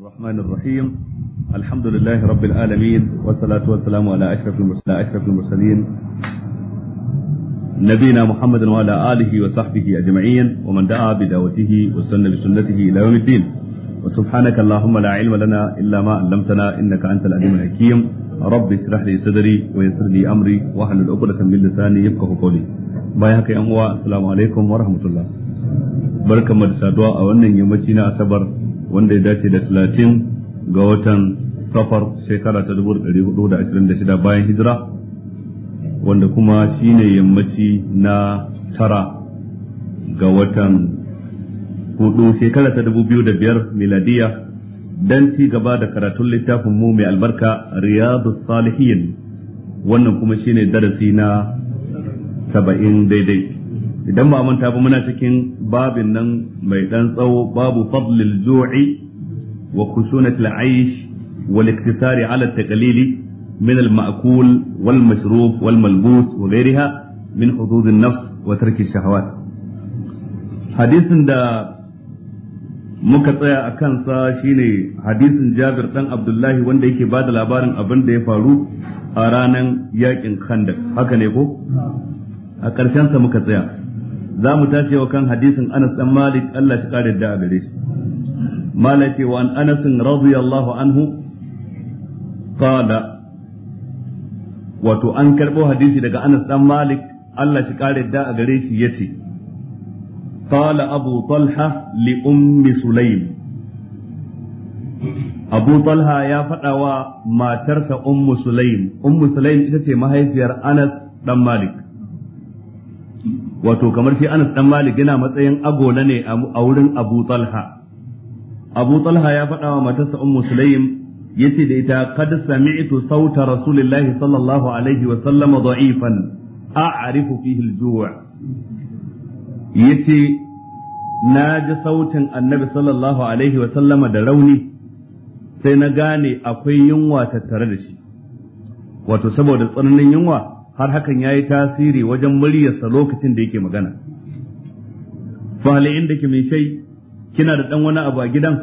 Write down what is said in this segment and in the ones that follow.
الرحمن الرحيم الحمد لله رب العالمين والصلاة والسلام على أشرف المرسلين أشرف المرسلين نبينا محمد وعلى آله وصحبه أجمعين ومن دعا بدعوته وسن بسنته إلى يوم الدين وسبحانك اللهم لا علم لنا إلا ما علمتنا إنك أنت العليم الحكيم رب اشرح لي صدري ويسر لي أمري واحلل عقدة من لساني يفقه قولي بايعك يا السلام عليكم ورحمة الله barkan mu da saduwa a wannan yammaci na asabar wanda ya dace da talatin ga watan safar shekara ta dubu da da bayan hijira wanda kuma shine yammaci na tara ga watan hudu shekara ta dubu biyu da biyar miladiya don ci gaba da karatun littafin mu mai albarka riyadu salihin wannan kuma shine darasi na saba'in daidai idan ba manta ba muna cikin babin nan mai dan tsawo babu fadlil zu'i wa khushunatil aish wal iktisari ala taqlili min al ma'kul wal mashrub wal malbus wa ghayriha min hudud an nafs wa tark al shahawat hadisin da muka tsaya a kansa shine hadisin Jabir dan Abdullahi wanda yake ba da labarin abin da ya faru a ranan yakin Khandak haka ne ko a ƙarshensa muka tsaya za mu tashi wa kan hadisin Anas ɗan Malik Allah shi kare da gare shi Malik ce wa an Anas radiyallahu anhu qala wato an karɓo hadisi daga Anas ɗan Malik Allah shi kare da gare shi yace qala Abu Talha li ummi Sulaim Abu Talha ya faɗa wa matarsa Ummu Sulaim Ummu Sulaim ita ce mahaifiyar Anas ɗan Malik wato kamar shi Anas dan Malik yana matsayin agona ne a wurin Abu Talha Abu Talha ya faɗa wa matarsa Ummu Sulaim yace da ita kad sami'tu sauta Rasulillahi sallallahu alaihi wa sallama da'ifan a'rifu fihi al-ju' yace na ji sautin annabi sallallahu alaihi wa sallama da rauni sai na gane akwai yunwa tattare da shi wato saboda tsananin yunwa har hakan ya yi tasiri wajen muryarsa lokacin da yake magana fahali inda ke mai shai kina da ɗan wani abu a gidan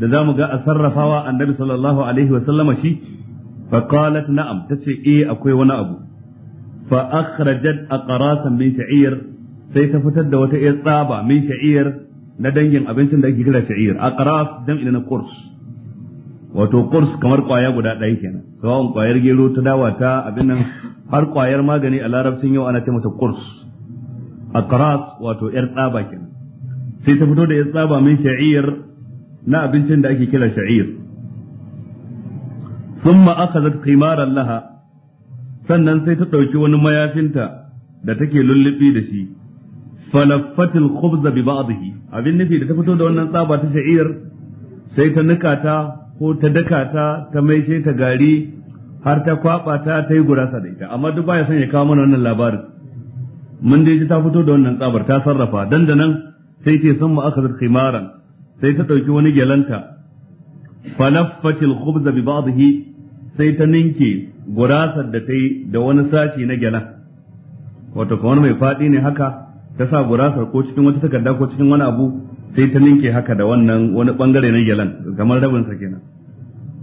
da za mu ga a sarrafawa annabi sallallahu alaihi wa shi fa na'am na'am ce e akwai wani abu fa a ƙarasan min sha’iyar, sai ta fitar da wata tsaba min sha'iyar na dangin abincin da ake kira a ƙaras dam ina na kurs wato kurs kamar kwaya guda ɗaya kenan sawan kwayar gero ta dawa ta abin nan har kwayar magani a larabcin yau ana ce mata kurs a karas wato yar tsaba kenan sai ta fito da yar tsaba min sha'ir na abincin da ake kira sha'ir summa akhadhat qimaran laha sannan sai ta ɗauki wani mayafinta da take lullubi da shi falaffatil khubza bi ba'dihi abin nufi da ta fito da wannan tsaba ta sha'ir sai ta nika ta ko ta daka ta ta maishe ta gari har ta kwaba ta ta yi gurasa da ita amma duk baya son ya kawo mana wannan labarin mun dai ji ta fito da wannan tsabar ta sarrafa dan da nan sai ce sun ma'akazar khimaran sai ta ɗauki wani gyalanta naffatil khubza bi ba'dihi sai ta ninke gurasar da ta yi da wani sashi na gyalan wato kamar mai faɗi ne haka ta sa gurasar ko cikin wata takarda ko cikin wani abu sai ta ninke haka da wannan wani bangare na gyalan kamar rabin sa kenan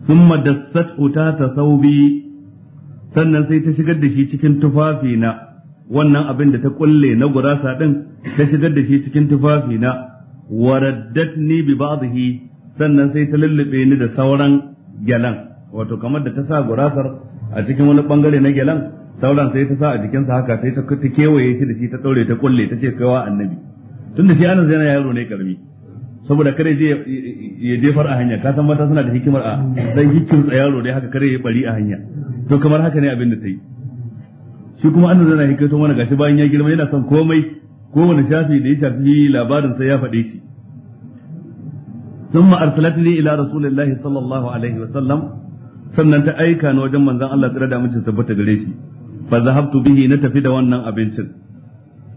summa dassat uta ta saubi sannan sai ta shigar da shi cikin tufafi na wannan abin da ta kulle na gurasa din ta shigar da shi cikin tufafi na ni bi ba'dhi sannan sai ta lullube ni da sauran gyalan wato kamar da ta sa gurasar a cikin wani bangare na gyalan sauran sai ta sa a jikinsa haka sai ta kewaye shi da shi ta ɗaure ta kulle ta ce kaiwa annabi tunda shi anas yana yaro ne karami saboda kare je ya jefar a hanya kasan mata suna da hikimar a dan hikin yaro dai haka kare ya bari a hanya to kamar haka ne abin da ta yi shi kuma anas yana hikaito mana gashi bayan ya girma yana son komai Wani shafi da ya shafi labarin sai ya faɗe shi ثم أرسلتني إلى ila الله sallallahu alaihi wa sallam sannan ta aika na wajen manzon Allah tsira da mace tabbata gare shi fa zahabtu bihi na tafi da wannan abincin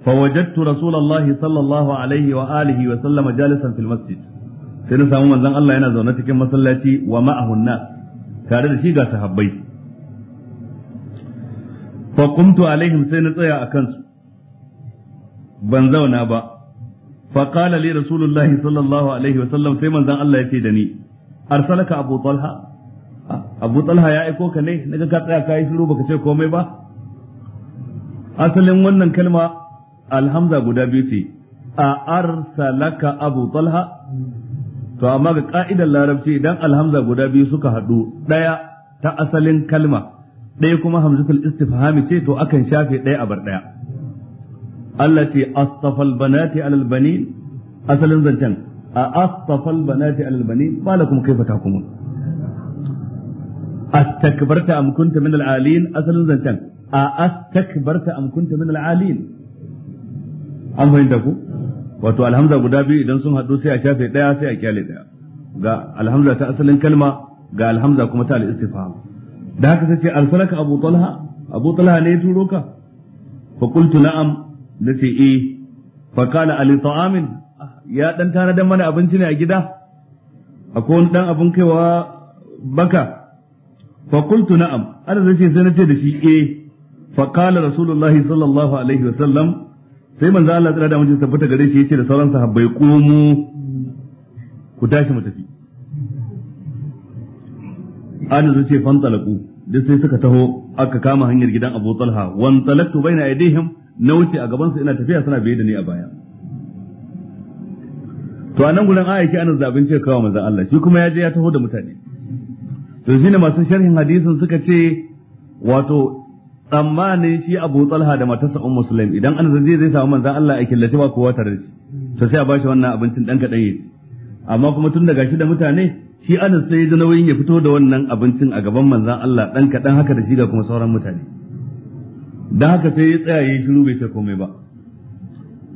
فوجدت رسول الله صلى الله عليه وآله وسلم جالسا في المسجد sai na samu manzon Allah yana zaune cikin masallaci wa ma'ahun tare da shi ga sahabbai fa qumtu alaihim sai na tsaya a kansu ban zauna ba fa qala li sallallahu alaihi wa sallam sai manzon Allah ya ce da ni arsalaka abu talha abu talha ya aiko ka ne ka yi shiru baka ce komai ba asalin wannan kalma alhamza guda biyu ce a arsalaka abu talha to amma ga ka'idar larabci idan alhamza guda biyu suka haɗu ɗaya ta asalin kalma ɗaya kuma hamzatul istifhami ce to akan shafe ɗaya a bar ɗaya Allah ce astafal banati alal banin asalin zancen a astafal banati alal banin malakum kaifa takumun astakbarta am kunta min al asalin zancen a astakbarta am kunta min al an fahimta ku wato alhamza guda biyu idan sun haɗu sai a shafe ɗaya sai a kyale ɗaya ga alhamza ta asalin kalma ga alhamza kuma ta al'istifa da haka sai ce arsalaka abu talha abu talha ne ya turo ka fa qultu na'am nace eh fa qala ali ta'amin ya dan tana dan mana abinci ne a gida akwai wani dan abin kaiwa baka fa qultu na'am ana zace sai nace da shi eh fa qala rasulullahi sallallahu alaihi wasallam sai manzo Allah tsara da mutum tabbata gare shi yace da sauran sahabbai komo ku tashi mu tafi an zai ce talaku duk sai suka taho aka kama hanyar gidan Abu Talha wan talaktu baina aidihim na wuce a gaban su ina tafiya suna biye da ni a baya to a nan ayi ki anan zabin abinci kawo manzo Allah shi kuma ya je ya taho da mutane to shine masu sharhin hadisin suka ce wato tsammani shi Abu Talha da matarsa Ummu Sulaim idan an zai zai samu manzon Allah a killace ba kowa tare da shi to sai a bashi wannan abincin dan kadan yi. amma kuma tun daga shi da mutane shi Anas sai yi nauyin ya fito da wannan abincin a gaban manzon Allah dan kadan haka da shi ga kuma sauran mutane dan haka sai ya tsaya yayin shiru bai ce komai ba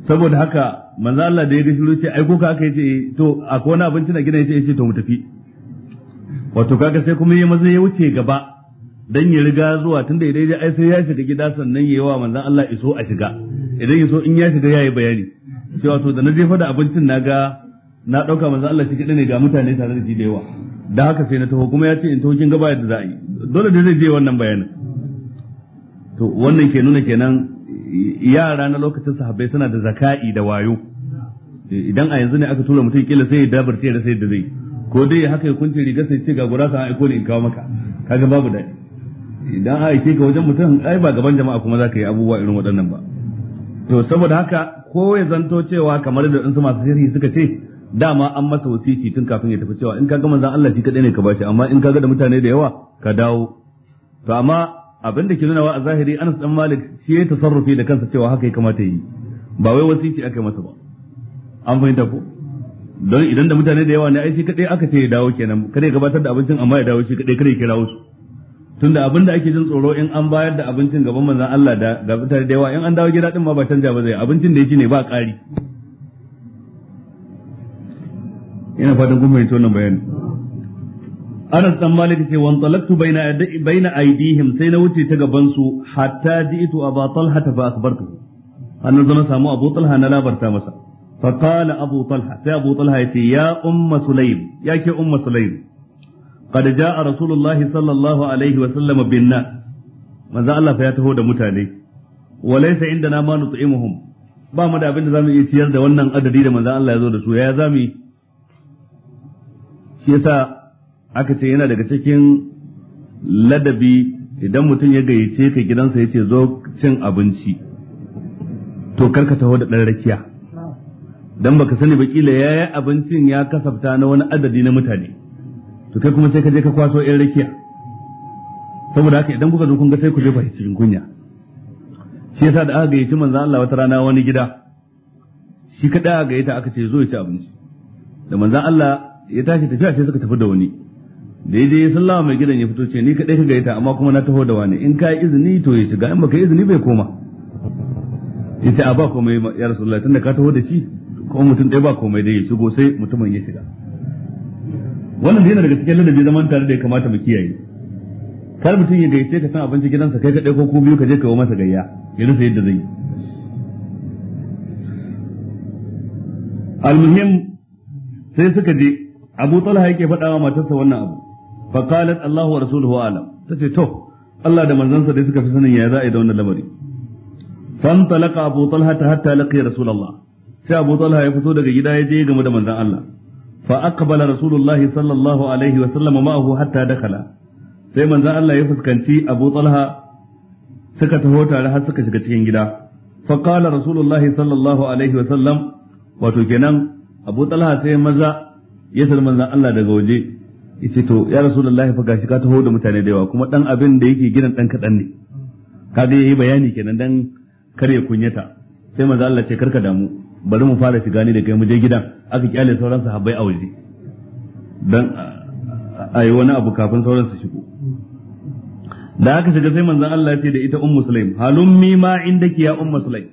saboda haka manzon Allah da ya ga shiru ce ai ko ka kai ce?" to akwai wani abincin a gidan ya ce to mu tafi wato kaga sai kuma yayi maza ya wuce gaba dan ya riga zuwa tunda ya daidai ai sai ya shiga gida sannan ya yi wa manzon Allah iso a shiga idan iso in ya shiga yi bayani cewa to da na jefa da abincin na ga na dauka manzon Allah shi kida ne ga mutane tare da shi da yawa da haka sai na taho kuma ya ce in taho kin ba yadda za a yi dole da zai je wannan bayanin to wannan ke nuna kenan yara na lokacin sahabbai suna da zaka'i da wayo idan a yanzu ne aka tura mutum kila sai ya dabarce da sai da zai ko dai haka ya kunce riga sai ce ga gurasa a aiko ne in kawo maka kaga babu dai. idan aike ka wajen mutum ai ba gaban jama'a kuma za ka yi abubuwa irin waɗannan ba to saboda haka ko ya zanto cewa kamar da su masu sirri suka ce dama an masa wasici tun kafin ya tafi cewa in ka ga manzon Allah shi kadai ne ka bashi amma in ka ga da mutane da yawa ka dawo to amma abin da ke nuna wa a zahiri Anas dan Malik shi ya tasarrufi da kansa cewa haka ya kamata yi ba wai wasici aka yi masa ba an fahimta ko don idan da mutane da yawa ne ai shi kadai aka ce ya dawo kenan kada ya gabatar da abincin amma ya dawo shi kadai kada ya kira wasu tunda abin da ake jin tsoro in an bayar da abincin gaban manzon Allah da ga fitar da yawa in an dawo gida din ma ba canja ba zai abincin da yake ne ba ƙari ina fatan kun fahimci wannan bayani Anas dan Malik ce wan talaktu baina baina aidihim sai na wuce ta gaban su hatta jiitu Abu Talha fa akhbartu annan zama samu Abu Talha na labarta masa fa qala Abu Talha sai Abu Talha yace ya umma Sulaim yake umma Sulaim qad jaa rasulullahi sallallahu alaihi wa sallama bin nas Allah fa ya taho da mutane wa laysa ba mu da abin da zamu iya ciyar da wannan adadi da manzo Allah ya zo da su ya zamu shi yasa aka ce yana daga cikin ladabi idan mutum ya gayyace ka gidansa ya ce zo cin abinci to karka taho da ɗan rakiya don baka sani ba kila ya yi abincin ya kasafta na wani adadi na mutane to kai kuma sai ka je ka kwaso yan rakiya saboda haka idan kuka zo kun ga sai ku jefa cikin kunya shi yasa da aka gayyaci manzo Allah wata rana wani gida shi kadai aka gayyata aka ce zo ya ci abinci da manzo Allah ya tashi tafiya sai suka tafi da wani da yaje ya sallama mai gidan ya fito ce ni kadai ka gayyata amma kuma na taho da wani in kai izini to ya shiga in baka izini bai koma yace a ba komai ya rasulullahi tunda ka taho da shi ko mutum ɗaya ba komai dai ya shigo sai mutumin ya shiga wannan da yana daga cikin ladabi zaman tare da ya kamata mu kiyaye kar mutum ya gaice ka san abinci gidansa kai kaɗai ko ku biyu ka je ka yi masa gayya ya rasa yadda zai yi almuhim sai suka je abu talha yake faɗawa matarsa wannan abu fa qalat allahu wa rasuluhu alam tace to Allah da manzansa dai suka fi sanin ya za a yi da wannan lamari fan talaka abu talha ta hatta laqiya rasulullah sai abu talha ya fito daga gida ya je game da manzon Allah فأقبل رسول الله صلى الله عليه وسلم معه حتى دخل sai manzon Allah ya fuskanci Abu Talha suka taho tare har suka shiga cikin gida fa qala rasulullah sallallahu alaihi wa sallam wato kenan Abu Talha sai maza ya san manzon Allah daga waje yace to ya rasulullah fa gashi ka taho da mutane da yawa kuma dan abin da yake gidan dan kadan ne kaga yayi bayani kenan dan kar ya kunyata sai manzon Allah ce karka damu bari mu fara shiga ni da kai mu je gidan aka kyale sauran sahabbai a waje dan a yi wani abu kafin sauran su shigo da aka shiga sai manzon Allah ya ce da ita ummu sulaim mi ma indaki ya ummu sulaim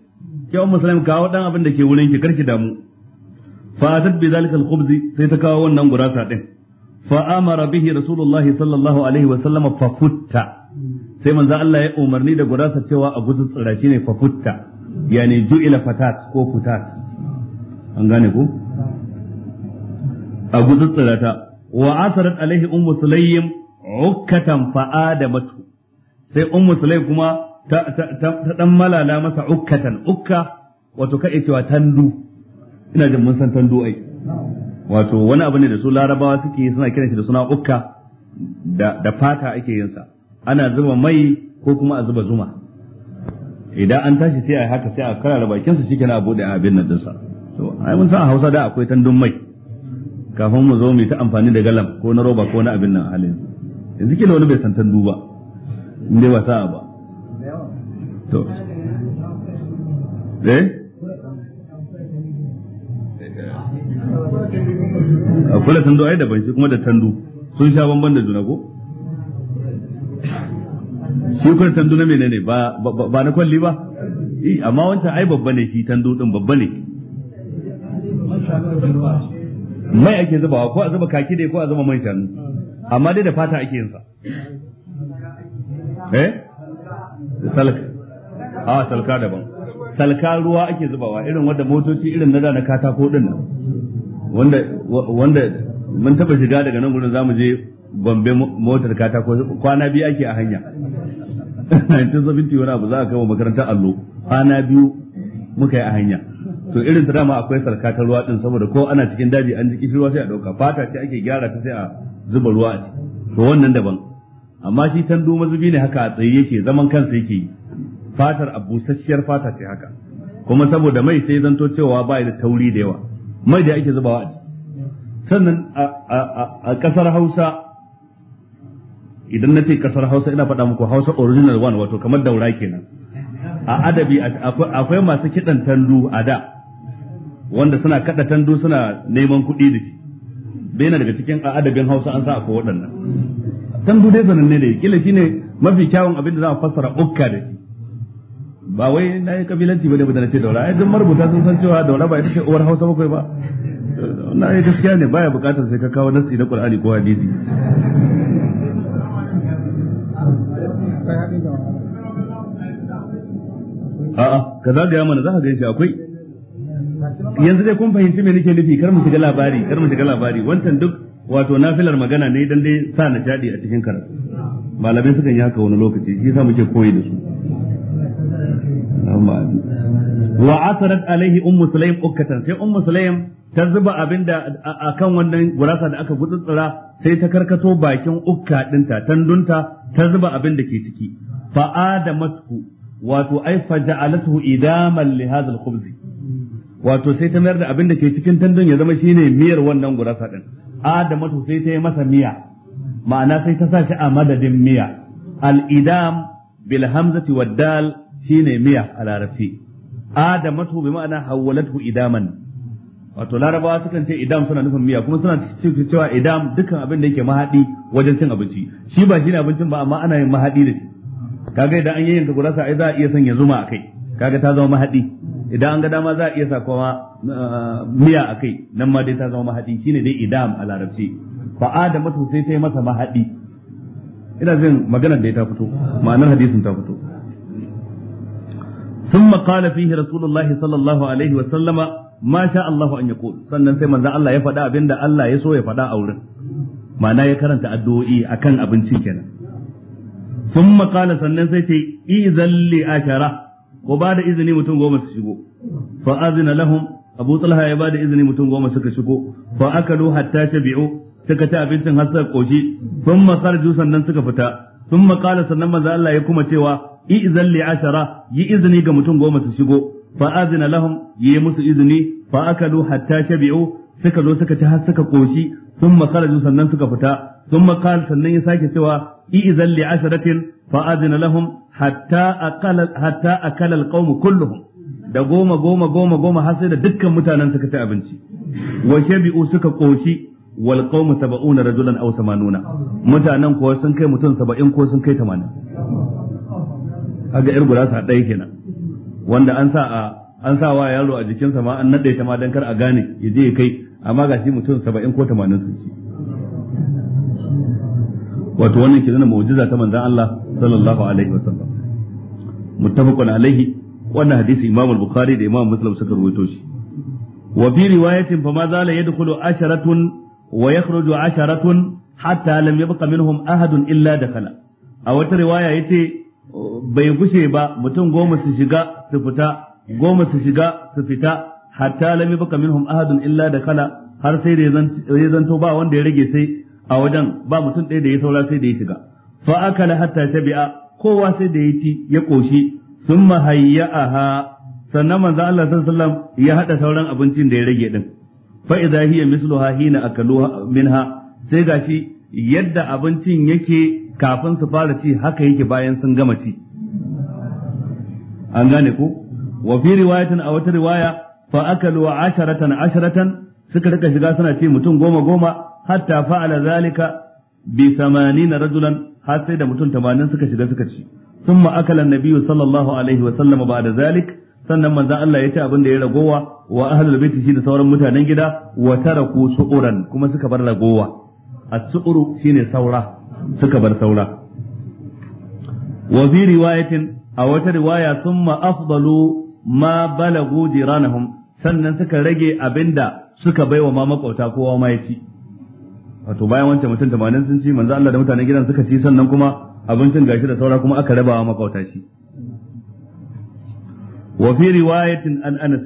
ke ummu sulaim kawo dan abin da ke wurin ki karki damu fa atat bi zalikal khubz sai ta kawo wannan gurasa din fa amara bihi rasulullahi sallallahu alaihi wa sallama fa futta sai manzon Allah ya umarni da gurasa cewa a guzu tsira shine fa futta yani ju'ila fatat ko futat an gane ko a gutsutsura ta wa asarat alaihi ummu sulaym ukkatan fa'adamatu sai ummu sulaym kuma ta ta dan malala masa ukkatan ukka wato kai cewa tandu ina jin mun san tandu ai wato wani abu ne da su larabawa suke suna kiran shi da suna ukka da fata ake yin sa ana zuba mai ko kuma a zuba zuma idan an tashi sai a yi haka sai a karara bakinsa shi kenan a buɗe abin nan dinsa to ai mun san a Hausa da akwai tandun mai kafin mu zo mu ta amfani da galam ko na roba ko na abin nan halin yanzu kila wani bai san tandu ba in dai ba sa'a ba to eh a kula tandu ai da shi kuma da tandu sun sha bamban da juna ko shi kuma tando na menene ba ba na kwalli ba eh amma wancan ai babba ne shi tando din babba ne mai ake zubawa ko a zuba kaki ne ko a zuba man shanu amma dai da fata ake yin sa eh salka a salka daban salka ruwa ake zubawa irin wanda motoci irin na da na katako din nan wanda wanda mun taba shiga daga nan gurin zamu je gombe motar katako kwana biyu ake a hanya 1970 wani abu za a kama makaranta allo kwana biyu muka yi a hanya to irin ta dama akwai sarkata ruwa din saboda ko ana cikin daji an ji kishirwa sai a dauka fata ce ake gyara ta sai a zuba ruwa a ciki to wannan daban amma shi tando mazubi ne haka a tsaye yake zaman kansa yake yi fatar a busasshiyar fata ce haka kuma saboda mai sai zanto cewa ba da tauri da yawa mai da ake zubawa a ciki sannan a kasar Hausa idan na ce kasar hausa ina faɗa muku hausa original one wato kamar daura kenan a adabi akwai masu kiɗan tandu a da wanda suna kaɗa tandu suna neman kuɗi da shi bai na daga cikin a adabin hausa an sa akwai waɗannan tandu dai sananne ne kila shine mafi kyawun abin da za a fassara ukka da shi ba wai na yi kabilanci ba ne da na ce daura ai duk marubuta sun san cewa daura ba ita ce uwar hausa bakwai ba na yi gaskiya ne baya bukatar sai ka kawo nasi na qur'ani ko hadisi a'a ka zagaya mana za ka gaishe akwai yanzu dai kun fahimci me nake nufi kar mu shiga labari kar mu shiga labari wancan duk wato nafilar magana ne dan dai sa na jadi a cikin karatu malamai sukan yi haka wani lokaci shi yasa muke koyi da su wa asarat alaihi um sulaim ukkatan sai um sulaim ta zuba abinda akan wannan gurasa da aka gutsutsura sai ta karkato bakin ukka ɗinta tandunta ta zuba abin da ke ciki adamatku wato ai faja'alatuhu idaman li hadha al-khubz wato sai ta mayar da abin da ke cikin tandun ya zama shine miyar wannan gurasa din adamatu sai ta yi masa miya ma'ana sai ta sa shi a madadin miya al-idam bil hamzati wad dal shine miya a larabci adamatu bi ma'ana Hauwalatu idaman wato larabawa sukan ce idam suna nufin miya kuma suna cewa idam dukkan abin da yake mahadi wajen cin abinci shi ba shi ne abincin ba amma ana yin mahadi da shi kaga idan an yi yanka gurasa ai za a iya sanya zuma akai kai kaga ta zama mahadi idan an ga dama za a iya sa kuma uh, miya akai nan ma dai ta zama mahadi shine dai idam a larabci fa to sai sai masa mahadi ina jin maganar da ta fito ma'anar hadisin ta fito ثم قال فيه رسول الله صلى الله عليه وسلم ma sha Allahu an yaqul sannan sai manzan Allah ya faɗa abinda Allah ya so ya faɗa a wurin ma'ana ya karanta addu'o'i akan abincin kenan Sun makala sannan sai ce idzan li ashara ko ba da izini mutum goma su shigo fa azina lahum Abu Talha ya ba da izini mutum goma suka shigo fa akalu hatta biyu? suka ci abincin har suka koshi thumma kharaju sannan suka fita Sun makala sannan maza Allah ya kuma cewa idzan li ashara yi izini ga mutum goma su shigo fa azina lahum yi musu izini fa akalu hatta shabi'u suka zo suka ci har suka koshi sun kharaju sannan suka fita sun qala sannan ya sake cewa i'zan li asharatin fa azina lahum hatta aqala hatta akala alqawm kulluhum da goma goma goma goma har sai da dukkan mutanen suka ci abinci wa shabi'u suka koshi wal qawmu sab'una rajulan aw samanuna mutanen ko sun kai mutum 70 ko sun kai 80 kaga yar gurasa ɗaya kenan wanda an sa a an sa wa yaro a jikinsa ma an nade ta ma dan kar a gane ya je ya kai amma ga shi mutum saba'in ko tamanin sun ci wato wannan ke nuna mu'jiza ta manzon Allah sallallahu alaihi wasallam muttafaqun alaihi wannan hadisi Imam al-Bukhari da Imam Muslim suka rawaito shi wa bi riwayatin fa ma zala yadkhulu asharatun wa yakhruju asharatun hatta lam yabqa minhum ahadun illa dakhala a wata riwaya yace bai gushe ba mutum goma su shiga su fita goma su shiga su fita hatta lam yabqa minhum ahadun illa kala har sai da ya zanto ba wanda ya rage sai a wajen ba mutum ɗaya da ya saura sai da ya shiga fa akala hatta shabi'a kowa sai da ya ci ya koshi thumma hayya'aha sannan manzo Allah sallallahu alaihi wasallam ya hada sauran abincin da ya rage din fa idza hiya misluha hina akaluha minha sai gashi yadda abincin yake kafin su fara ci haka yake bayan sun gama ci an gane ko wa fi riwayatin a wata riwaya fa akalu asharatan asharatan suka rika shiga suna ci mutum goma goma hatta fa'ala zalika bi 80 rajulan har sai da mutum 80 suka shiga suka ci thumma akala nabiyyu sallallahu alaihi wa sallam ba'da zalik sannan manzon Allah ya ci abin da ya ragowa wa ahlul baiti shi da sauran mutanen gida wa taraku su'uran kuma suka bar ragowa as-su'uru shine saura suka bar saura wa fi riwayatin a wata riwaya summa afdalu ma balagu jiranahum sannan suka rage abinda suka baiwa ma makauta kowa ma ya ci wato bayan wancan mutum tamanin sun ci manzo Allah da mutanen gidan suka ci sannan kuma abincin gashi da saura kuma aka rabawa makauta shi wa fi riwayatin an anas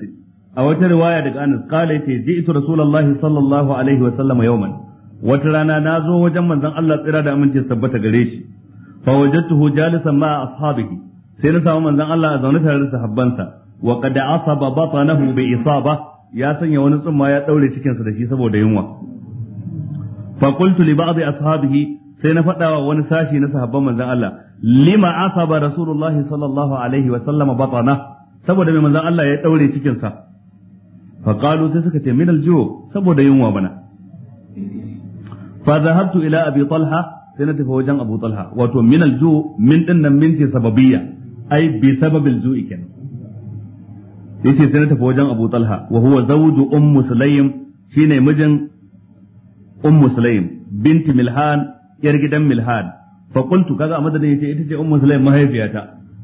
a wata riwaya daga anas qala yace ji'tu rasulullahi sallallahu alaihi wa sallam yawman wata rana na zo wajen manzon Allah tsira da aminci tabbata gare shi fa wajadtuhu jalisan ma ashabihi sai na samu manzon Allah a zaune tare da sahabbansa wa qad asaba batnahu bi isaba ya sanya wani tsumma ya daure cikinsa da shi saboda yunwa fa qultu li ba'd ashabihi sai na faɗawa wa wani sashi na sahabban manzon Allah lima asaba rasulullah sallallahu alaihi wa sallama batana saboda mai manzon Allah ya daure cikinsa fa qalu sai suka ce min alju saboda yunwa bana fa zahabtu ila abi talha sai na tafi wajen abu wato min alju min din nan min ce sababiyya ai bi sababil ju'i kenan yace sai na tafi wajen abu talha wa huwa zawju ummu shine mijin ummu sulaym binti milhan yar gidan milhan fa kaga a madadin yace ita ce ummu sulaym mahaifiyata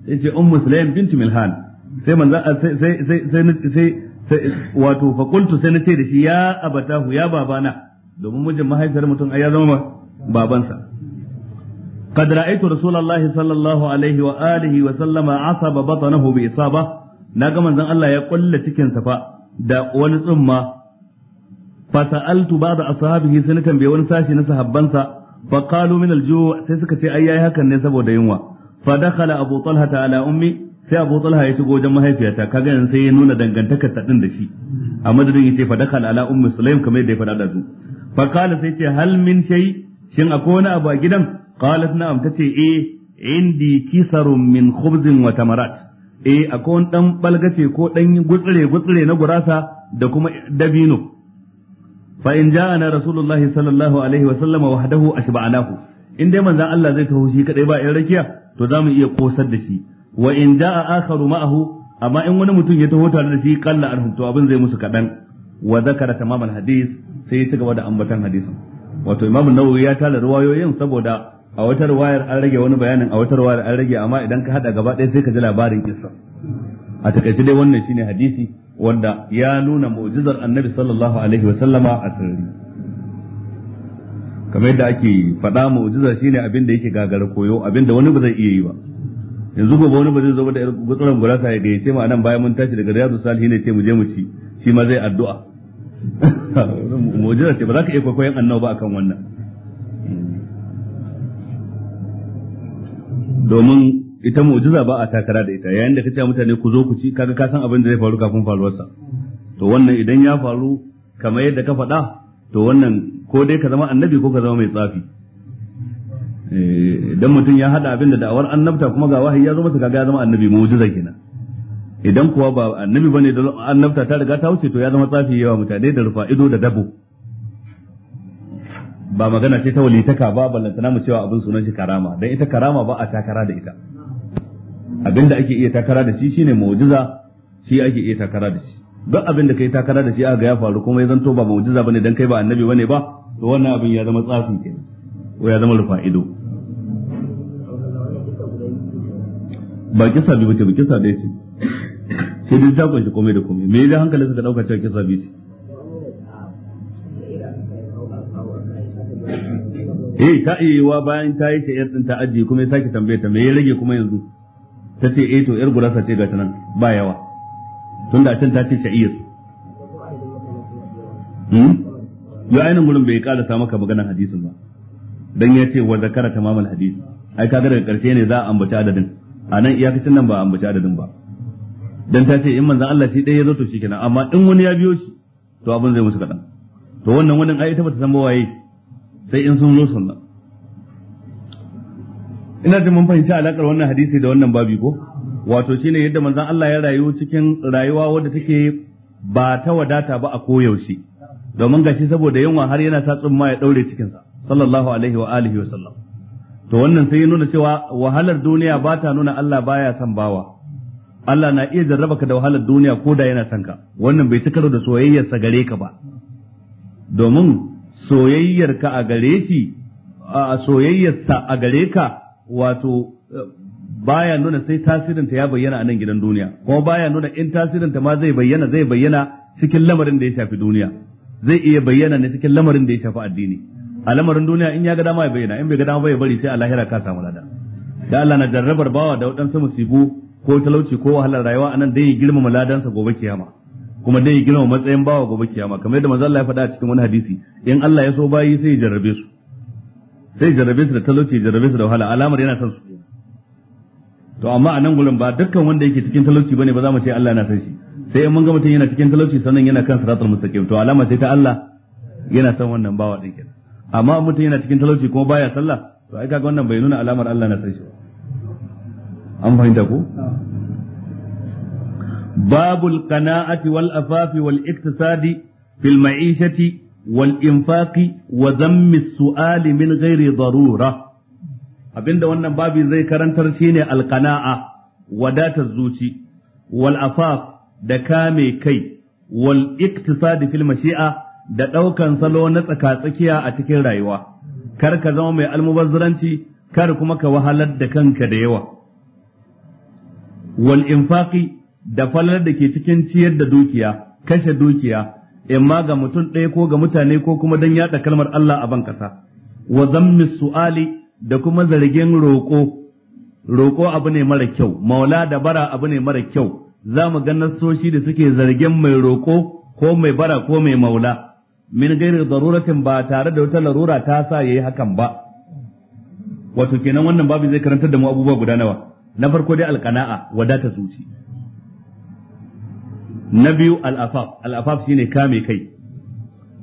yace ummu sulaym binti milhan sai manzo sai nace da shi ya abatahu ya babana domin mijin mahaifiyar mutum ai ya zama babansa قد رأيت رسول الله صلى الله عليه وآله وسلم عصب بطنه بإصابة ناقا من ذن الله يقول لتكن سفا دا ونسمى فسألت بعض أصحابه سنة بيون ساشي نسحب بنسا فقالوا من الجوع سيسكت أيها هكا نسبو دينوا فدخل أبو طلحة على أمي sai abu ya shigo wajen mahaifiyata kaga yanzu sai ya nuna dangantakar ta din da shi a madadin yace fa dakal ala ummi sulaim kamar faɗa su fa sai ce hal min shay shin akwai wani abu a gidan qalat na'am ce eh indi kisarun min khubzin wa tamarat eh akwai wani dan balgace ko dan gutsire gutsire na gurasa da kuma dabino fa in ja'ana rasulullah sallallahu alaihi wa wahdahu ashba'nahu in dai manzon Allah zai taho shi kadai ba in rakiya to zamu iya kosar da shi wa in ja'a akharu ma'ahu amma in wani mutum ya taho tare da shi kalla arhum to abin zai musu kadan wa zakara tamam al-hadis sai ya ci gaba da ambatan hadisin wato imamu nawawi ya tala riwayoyin saboda a wata riwayar an rage wani bayanin a wata riwayar an rage amma idan ka hada gaba ɗaya sai ka ji labarin kissa a takaice dai wannan shine hadisi wanda ya nuna mu'jizar annabi sallallahu alaihi wa sallama a sarari kamar yadda ake faɗa mu'jiza shine abin da yake gagara koyo abin da wani ba zai iya yi ba yanzu gobe wani ba zai zo ba da gutsuran gurasa ya ce ma anan bayan mun tashi daga riyadu salihin ne ce mu je mu ci shi ma zai addu'a mu'jiza ce ba za ka iya kwaikwayon annabi ba akan wannan domin ita mu'jiza ba a takara da ita yayin da ka ce mutane ku zo ku ci kaga ka san abin da zai faru kafin faruwarsa to wannan idan ya faru kamar yadda ka faɗa to wannan ko dai ka zama annabi ko ka zama mai tsafi eh, idan mutum ya haɗa abin da da'awar annabta kuma ga wahayi ya zo masa kaga ya zama annabi mu'jiza kenan idan kuwa ba annabi bane da annabta ta riga ta wuce to ya zama tsafi yawa mutane da rufa ido da dabo ba magana ce ta walitaka ba ballantana mu cewa abin sunan shi karama dan ita karama ba a takara da ita abinda ake iya takara da shi shine mu'jiza shi ake iya takara da shi duk abin da kai takara da shi aka ga ya faru kuma ya zanto ba mu'jiza bane dan kai ba annabi bane ba to wannan abin ya zama tsafi kenan ko ya zama rufa ido ba kisa bi ce ba kisa dai ce Sai dai ta kunshi komai da komai me ya hankalinsa ka dauka cewa kisa biyu eh ta wa bayan ta yi shayar din ta ajiye kuma ya sake tambaye ta me ya rage kuma yanzu ta ce eh to yar gurasa ce ga ta nan ba yawa tunda a can ta ce sha'ir hmm? ya ainihin gurin bai sa maka maganar hadisin ba dan ya ce wa zakara tamamul hadisi ai kaga daga karshe ne za a ambaci adadin a nan iyakacin nan ba a ambaci adadin ba dan ta ce in manzan Allah shi ɗaya ya zo to shi kenan amma in wani ya biyo shi to abin zai musu kaɗan to wannan wannan ai ita bata san ba waye sai in sun zo sunna ina jin mun fahimci alakar wannan hadisi da wannan babi ko wato shine yadda manzan Allah ya rayu cikin rayuwa wadda take ba ta wadata ba a koyaushe domin gashi saboda yunwa har yana sa tsumma ya daure cikinsa sallallahu alaihi wa alihi wa sallam to wannan sai ya nuna cewa wahalar duniya ba ta nuna Allah baya son bawa Allah na iya jarraba ka da wahalar duniya ko da yana son ka wannan bai tukaro da soyayyar gare ka ba domin soyayyar ka a gare shi a soyayyar a gare ka wato eh, baya nuna sai tasirin ta ya bayyana a nan gidan duniya kuma baya nuna in tasirin ta ma zai bayyana zai bayyana cikin lamarin da ya shafi duniya zai iya bayyana ne cikin lamarin da ya shafi addini a lamarin duniya in ya ga dama ya bayyana in bai ga dama ba ya bari sai a lahira ka samu lada da Allah na jarrabar bawa da waɗansu musibu ko talauci ko wahalar rayuwa anan dai ya girmama ladansa gobe kiyama kuma dai ya girmama matsayin bawa gobe kiyama kamar yadda manzo Allah ya faɗa a cikin wani hadisi in Allah ya so bayi sai ya jarrabe su sai ya jarrabe su da talauci ya jarrabe su da wahala alamar yana son su to amma a nan gurin ba dukkan wanda yake cikin talauci bane ba za mu ce Allah yana son shi sai in mun ga mutum yana cikin talauci sannan yana kan siratul mustaqim to alama sai ta Allah yana son wannan bawa din kenan amma mutum yana cikin talauci kuma baya sallah to ai kaga wannan bai nuna alamar Allah na san shi ba an fahimta ko babul qana'ati wal afafi wal iktisadi fil ma'ishati wal infaqi wa zammi su'ali min ghairi darura abinda wannan babi zai karantar shine al qana'a wadatar zuci wal afaf da kame kai wal iktisadi fil mashi'a da ɗaukan salo na tsaka-tsakiya a cikin rayuwa, kar ka zama mai almubazziranci, kar kuma ka wahalar da kanka da yawa. wal infaqi da falalar da ke cikin ciyar da dukiya kashe dukiya imma ga mutum ɗaya ko ga mutane ko kuma don yaɗa kalmar Allah a ban ƙasa wa zammi su'ali da kuma zargin roƙo roƙo abu ne mara kyau maula da bara abu ne mara kyau za mu ga nasoshi da suke zargin mai roƙo ko mai bara ko mai maula min gairi daruratin ba tare da wata larura ta sa yayi hakan ba wato kenan wannan babu zai karantar da mu abubuwa guda nawa na farko dai alqana'a wadata zuci na biyu al'afaf al'afaf shine kame kai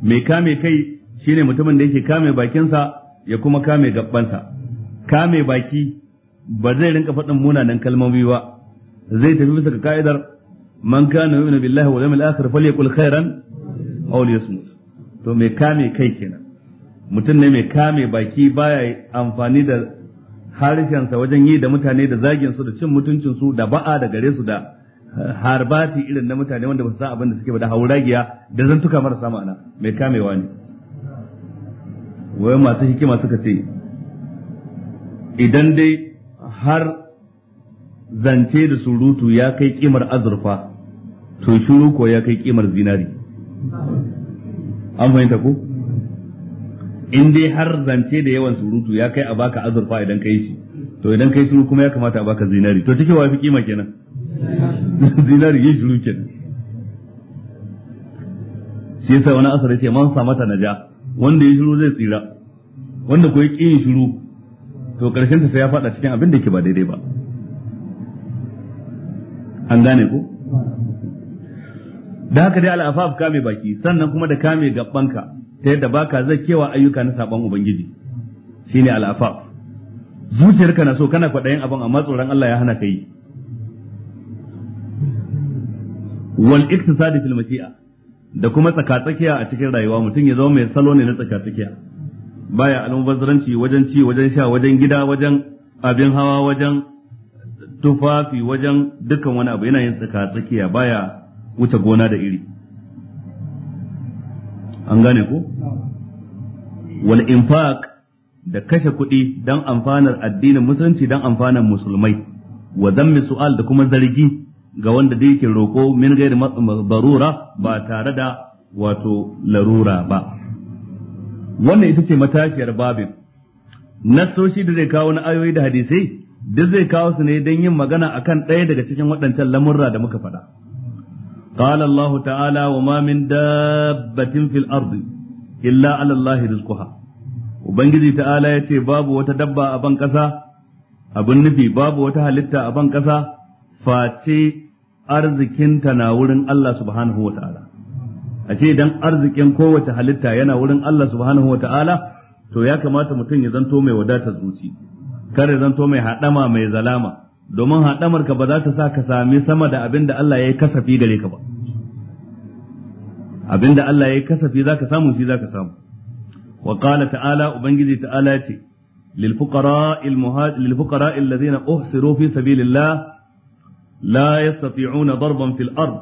mai kame kai shine mutumin da yake kame bakinsa ya kuma kame gabbansa kame baki ba zai rinka faɗin munanan kalmomi ba zai tafi bisa ka'idar man kana yu'minu billahi wal yawmil akhir falyakul khairan aw liyasmut to mai kame kai kenan mutum ne mai kame baki baya amfani da harshensa wajen yi da mutane da zagin su da cin mutuncin su da ba'a da gare su da harbati irin na mutane wanda ba su san abin da suke ba da hauragiya da zantuka marasa ma'ana mai kamewa ne wai masu hikima suka ce idan dai har zance da surutu ya kai kimar azurfa to shuru ko ya kai kimar zinari an fahimta ko in dai har zance da yawan surutu ya kai a baka azurfa idan kai shi to idan kai shuru kuma ya kamata a baka zinari to cike wafi kima kenan zinari yin shuru kenan shi yasa wani asar ce man samata naja wanda ya shuru zai tsira wanda ko ya yin shuru to karshen ta sai ya fada cikin abin da ke ba daidai ba an gane ko da haka dai al'afaf kame baki sannan kuma da kame gabbanka ta yadda baka kewa ayyuka na saban ubangiji shine al'afaf zuciyarka na so kana kwaɗayin abin amma tsoron Allah ya hana ka yi wal iktisadi fil mashi'a da kuma tsakatsakiya a cikin rayuwa mutum ya zama mai salo ne na tsakatsakiya baya almubazzaranci wajen ci wajen sha wajen gida wajen abin hawa wajen tufafi wajen dukkan wani abu yana yin tsakatsakiya baya wuce gona da iri an gane ko wal infaq da kashe kuɗi don amfanar addinin musulunci dan amfanar musulmai wa zammi su'al da kuma zargi ga wanda da yake roko min gairi barura ba tare da wato larura ba wannan ita ce matashiyar babin shi da zai kawo na ayoyi da hadisai duk zai kawo su ne don yin magana akan ɗaya daga cikin waɗancan lamurra da muka faɗa قال ta'ala تعالى وما من دابة في الأرض إلا على الله Ubangiji ta'ala ya ce babu wata dabba a ban abin nufi babu wata halitta a ban ƙasa, face arzikinta na wurin Allah subhanahu wa ta'ala. Ashe idan arzikin kowace halitta yana wurin Allah subhanahu wa ta'ala, to ya kamata mutum ya zanto mai wadatar zuci, kar ya zanto mai haɗama mai zalama, domin haɗamar ka ba za ta sa ka sami sama da abin da Allah ya yi kasafi gare ka ba abin da Allah ya yi kasafi za ka samu shi za ka samu wa ta'ala ubangiji ta'ala ce lil fuqara al muhajir lil fuqara alladhina uhsiru fi sabilillah la fil ard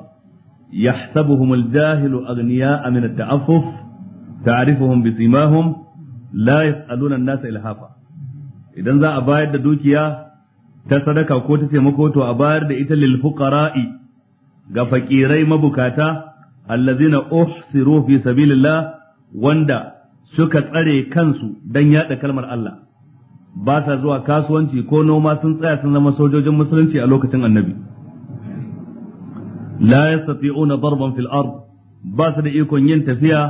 يحسبهم الجاهل أغنياء من التعفف تعرفهم بسيماهم لا يسألون الناس إلحافا idan za a bayar da dukiya ta sadaka ko ta taimako to a bayar da ita lil fuqara'i ga fakirai mabukata allazina uhsiru fi sabilillah wanda suka tsare kansu dan yada kalmar Allah ba sa zuwa kasuwanci ko noma sun tsaya sun zama sojojin musulunci a lokacin annabi la yastati'una darban fil ard ba su da ikon yin tafiya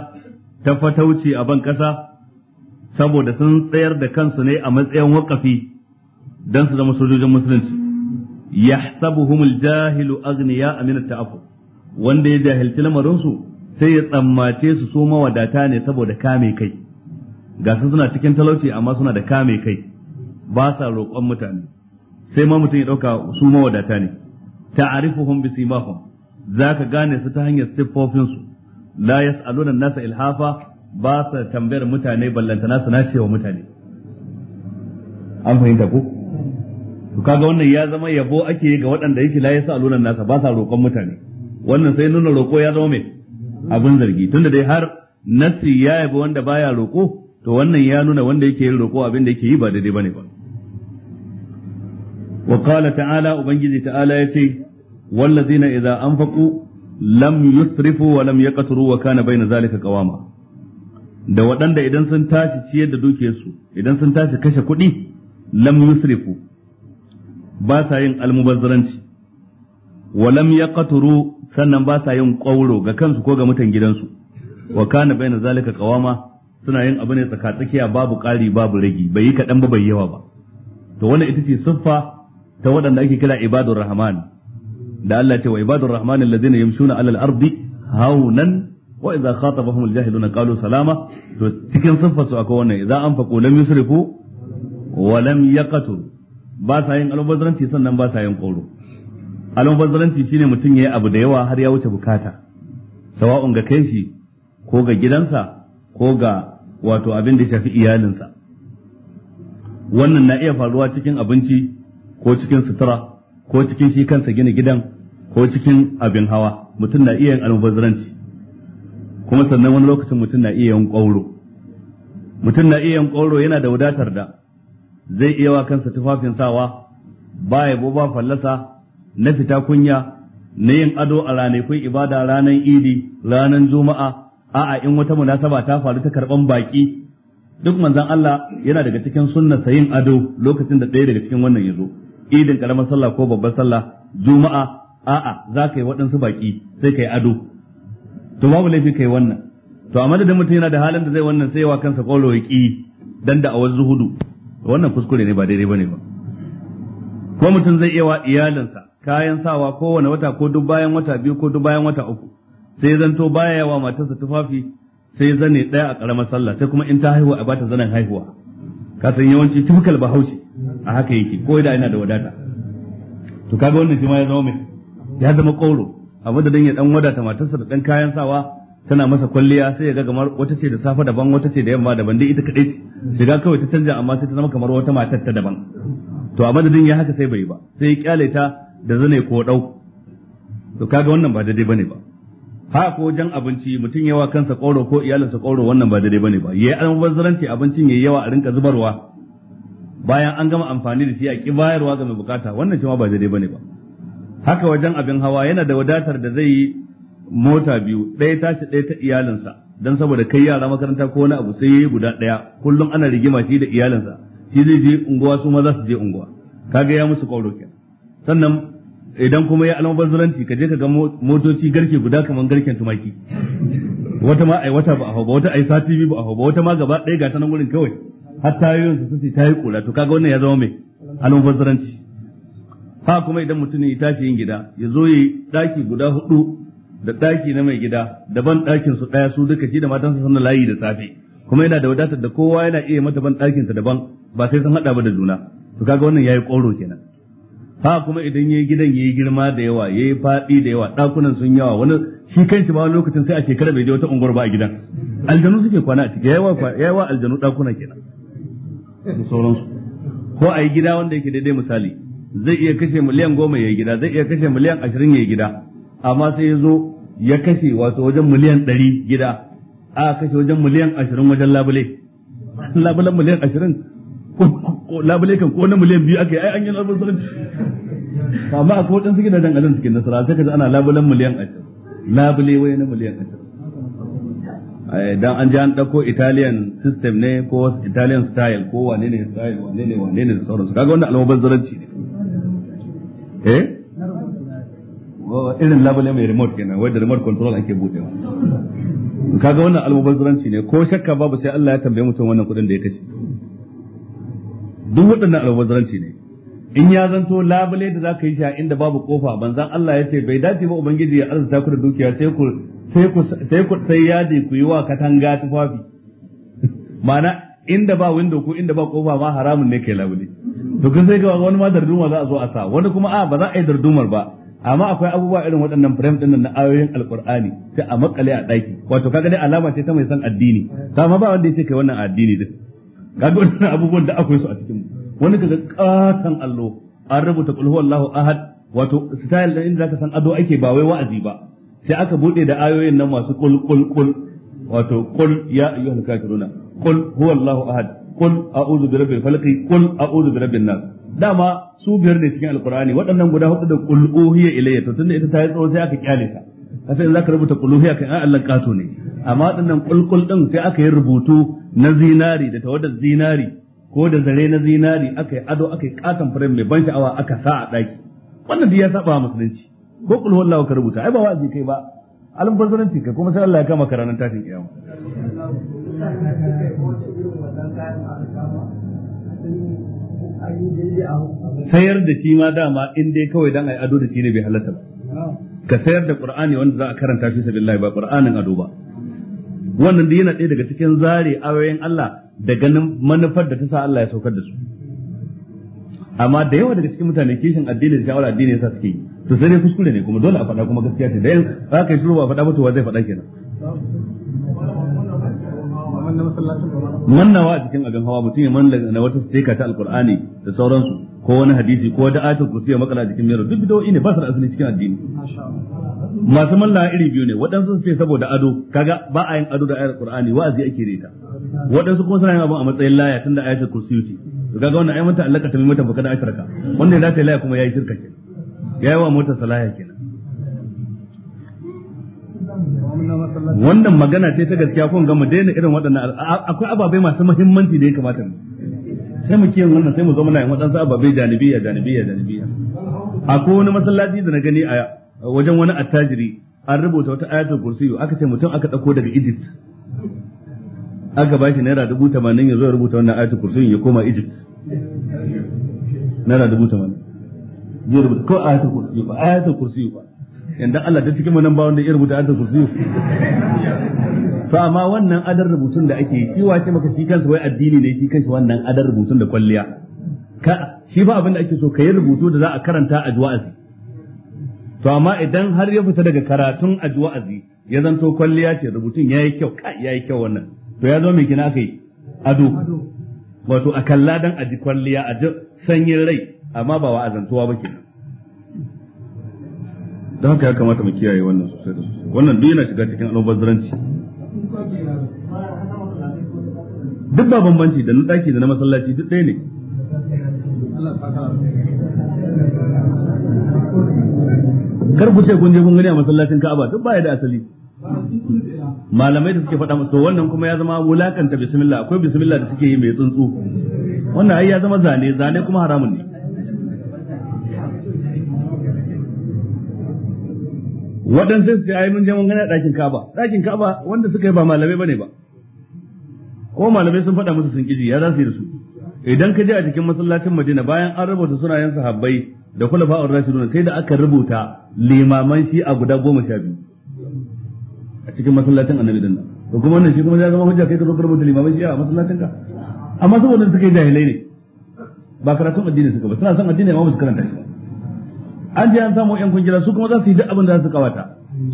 ta fatauci a ban kasa saboda sun tsayar da kansu ne a matsayin wakafi dan su zama sojojin musulunci yahsabuhum aljahilu aghniya min at-ta'affuf wanda ya jahilci lamarin su sai ya tsammace su so mawadata ne saboda kame kai ga su suna cikin talauci amma suna da kame kai ba sa roƙon mutane sai ma mutum ya ɗauka su mawadata ne ta'arifuhum simahum zaka gane su ta hanyar siffofin su la yas'aluna nasa ilhafa ba sa tambayar mutane ballantana su na cewa mutane an fahimta ko to kaga wannan ya zama yabo ake ga waɗanda yake la yasa alunan nasa ba sa roƙon mutane wannan sai nuna roƙo ya zama mai abin zargi tunda dai har nasi ya yabi wanda baya roƙo to wannan ya nuna wanda yake yin roƙo abin da yake yi ba daidai bane ba wa qala ta'ala ubangiji ta'ala yace wallazina idza anfaqu lam yusrifu wa lam yaqtaru wa kana bayna zalika qawama da waɗanda idan sun tashi ciyar da dukiyarsu idan sun tashi kashe kuɗi lam yusrifu ba sa yin almubazzaranci walam yaqturu sannan ba sa yin ƙwauro ga kansu ko ga mutan gidansu wa kana bayna zalika qawama suna yin abu ne tsakatsakiya babu ƙari babu ragi bai yi kaɗan ba bai yawa ba to wannan ita ce siffa ta waɗanda ake kira ibadur rahman da Allah ce wa ibadur rahman alladhina yamshuna alal ardi haunan wa idza khatabahum aljahiluna qalu salama to cikin siffar su akwai wannan idza anfaqu lam yusrifu wa lam yaqtur ba sa yin almubazzaranci sannan ba sa yin ƙoro almubazzaranci shine mutum ya yi abu da yawa har ya wuce bukata sawa'un ga kai shi ko ga gidansa ko ga wato abin da shafi iyalinsa wannan na iya faruwa cikin abinci ko cikin sutura ko cikin shi kansa gina gidan ko cikin abin hawa mutum na iya yin almubazzaranci kuma sannan wani lokacin mutum na iya yin ƙauro mutum na iya yin ƙauro yana da wadatar da zai iya wa kansa tufafin sawa ba ya ba fallasa na fita kunya na yin ado a ranakun ibada ranar idi ranar juma'a a'a in wata munasaba ta faru ta karban baki duk manzon Allah yana daga cikin sunnar yin ado lokacin da ɗaya daga cikin wannan yazo idin karamar sallah ko babbar sallah juma'a a'a za ka yi waɗansu baki sai ka yi ado to babu laifi ka yi wannan to a madadin mutum yana da halin da zai wannan sai wa kansa ƙwallo ya dan da a wasu zuhudu wannan kuskure ne ba daidai bane ba ko mutum zai iya wa iyalinsa kayan sawa kowane wata ko duk bayan wata biyu ko duk bayan wata uku sai zanto baya yawa matarsa tufafi sai zane ɗaya a ƙaramar sallah sai kuma in ta haihuwa a bata zanen haihuwa ka san yawanci tufkal bahaushe a haka yake ko da yana da wadata to kaga wannan shi ma ya zama mai ya zama kauro a dan ya dan wadata matarsa da dan kayan sawa tana masa kwalliya sai ya ga kamar wata ce da safe daban wata ce da yamma daban dai ita kadai ce ga kawai ta canja amma sai ta zama kamar wata matar ta daban to a madadin ya haka sai bai ba sai ya kyale ta da zane ko dau to kaga wannan ba daidai bane ba ha ko wajen abinci mutum yawa kansa koro ko iyalinsa koro wannan ba daidai bane ba yayi almubazzaranci abincin yayi yawa a rinka zubarwa bayan an gama amfani da shi a ki bayarwa ga mai bukata wannan shi ma ba daidai bane ba haka wajen abin hawa yana da wadatar da zai yi mota biyu ɗaya ta ce ɗaya ta iyalinsa don saboda kai yara makaranta ko wani abu sai yayi guda ɗaya kullum ana rigima shi da iyalinsa shi zai je unguwa su ma za su je unguwa kaga ya musu kwauro ke sannan idan kuma ya alama banzuranci ka je ka ga motoci garke guda kamar garken tumaki wata ma ai wata ba a hau ba wata ai sati biyu ba a hau ba wata ma gaba ɗaya ga ta nan gurin kawai har yi su sai ta yi kura to kaga wannan ya zama mai alama banzuranci ha kuma idan mutum ya tashi yin gida ya zo yi ɗaki guda hudu da ɗaki na mai gida da ban ɗakin su ɗaya su duka shi da matansa suna layi da safe kuma yana da wadatar da kowa yana iya mata ban ɗakin sa daban ba sai sun haɗa ba da juna to kaga wannan yayi ƙoro kenan ha kuma idan yayi gidan yayi girma da yawa yayi faɗi da yawa ɗakunan sun yawa wani shi kanshi wani lokacin sai a shekara bai je wata unguwar ba a gidan aljanu suke kwana a ciki yayi wa aljanu ɗakuna kenan da sauransu ko a yi gida wanda yake daidai misali zai iya kashe miliyan goma ya yi gida zai iya kashe miliyan ashirin ya yi gida amma sai ya zo ya kashe wato wajen miliyan ɗari gida a kashe wajen miliyan ashirin wajen labule labulen miliyan ashirin labule kan ko na miliyan biyu aka yi ai an yi labulen sarki amma a kodin suke da dangalin suke nasara sai ka ji ana labulen miliyan ashirin labule wai na miliyan ashirin eh, dan an ji an ɗauko Italian system ne ko Italian style ko wane ne style wane ne wane ne da sauransu kaga wannan almubazzaranci ne eh irin labule mai remote kenan wanda remote control ake budewa kaga wannan almubazzaranci ne ko shakka babu sai Allah ya tambaye mutum wannan kuɗin da ya kashe duk waɗannan almubazzaranci ne in ya zanto labule da zaka yi shi a inda babu kofa banzan Allah ya ce bai dace ba ubangiji ya arzuta ku da dukiya sai ku sai ku sai ku sai yadi ku yi wa katanga tufafi ma'ana inda ba window ko inda ba kofa ma haramun ne kai labule to kun sai ga wani ma darduma za a zo a sa wani kuma a ba za a yi dardumar ba amma akwai abubuwa irin waɗannan frame ɗin nan na ayoyin Alƙur'ani, sai a makale a ɗaki, wato kaga dai alama ce ta mai san addini ta ma ba wanda ce kai wannan addini din kaga wannan abubuwan da akwai su a cikin wani kaga katan allo an rubuta qul huwallahu ahad wato style ɗin inda zaka san ado ake ba wai wa'azi ba sai aka bude da ayoyin nan masu qul qul qul wato qul ya ayyuhal kafiruna qul huwallahu ahad qul a'udhu birabbil falaq qul a'udhu birabbin nas dama su biyar ne cikin alkur'ani waɗannan guda hudu da qul ilayya to tunda ita ta yi tsawo sai aka kyale ta kasa in zaka rubuta qul uhiya kai Allah kato ne amma waɗannan kulkul din sai aka yi rubutu na zinari da tawaddar zinari ko da zare na zinari aka yi ado aka yi katon frame mai ban sha'awa aka sa a daki wannan duk ya saba musulunci ko qul Allah ka rubuta ai ba wa'azi kai ba bazaranci kai kuma sai Allah ya kama karanan tashin kiyama sayar da shi ma dama in dai kawai dan ai ado da shi ne bai halatta ba ka sayar da qur'ani wanda za a karanta shi sabilillahi ba qur'anin ado ba wannan dai yana ɗaya daga cikin zare ayoyin Allah da ganin manufar da ta sa Allah ya saukar da su amma da yawa daga cikin mutane kishin addini da shawara addini yasa suke yi to sai dai kuskure ne kuma dole a faɗa kuma gaskiya ce da yan za ka yi shiru ba faɗa ba to wa zai faɗa kenan mannawa a cikin abin hawa mutum ya manna na wata steka ta alkur'ani da sauransu ko wani hadisi ko wata ayatul kursi ya makala cikin mero duk bid'o'i ne ba su da asali cikin addini masu manna iri biyu ne waɗansu su ce saboda ado kaga ba a yin ado da ayatul qur'ani wa'azi ake rita waɗansu kuma suna yin abin a matsayin laya tunda ayatul kursi ce to kaga wannan ai ta allaka ta mai mata baka da asharka wanda ya zata laya kuma yayi shirka ke yayi wa motarsa salaya ke wannan magana ce ta gaskiya kun ga mu daina irin waɗannan akwai ababai masu muhimmanci da ya kamata mu sai mu kiyaye wannan sai mu zo muna yin waɗansu ababai janibiya janibiya janibiya akwai wani masallaci da na gani a wajen wani attajiri an rubuta wata ayatul kursiyu aka ce mutum aka ɗauko daga Egypt aka ba shi naira dubu tamanin ya zo ya rubuta wannan ayatul kursiyu ya koma Egypt naira dubu tamanin zai rubuta ko ayatul kursiyu ba ayatul kursiyu ba yanda Allah ta cikin manan bawon wanda irin rubuta ayatul kursi to amma wannan adar rubutun da ake yi shi wace maka shi kansa wai addini ne shi kansa wannan adar rubutun da kwalliya ka shi ba abin da ake so ka yi rubutu da za a karanta a juwa'azi to amma idan har ya fita daga karatun a juwa'azi ya zanto kwalliya ce rubutun yayi kyau ka yayi kyau wannan to ya zo mai kina aka yi ado wato a kalla dan aji kwalliya a ji sanyin rai amma ba azantuwa ba kenan don haka ya kamata mu kiyaye wannan sosai da sosai wannan duk yana shiga cikin almubazzaranci duk ba bambanci da na daki da na masallaci duk ɗaya ne kar ku ce kun je kun gani a masallacin Ka'aba duk baya da asali malamai da suke faɗa musu wannan kuma ya zama wulakanta bismillah akwai bismillah da suke yi mai tsuntsu wannan ai ya zama zane zane kuma haramun ne waɗansu su yi mun je mun gani a ɗakin kaba ɗakin kaba wanda suka yi ba malamai bane ba ko malamai sun faɗa musu sun ƙiji ya za su yi da su idan ka je a cikin masallacin Madina bayan an rubuta sunayen sahabbai da khulafa ar-rashidun sai da aka rubuta limaman shi a guda goma sha biyu a cikin masallacin Annabi dinnan to kuma wannan shi kuma ya zama hujja kai ka zo ka rubuta limaman shi a masallacin ka amma saboda suka yi jahilai ne ba karatun addini suka ba suna son addini amma ba su karanta shi ba an je an samu yan kungiyar su kuma za su yi duk abin da za su kawata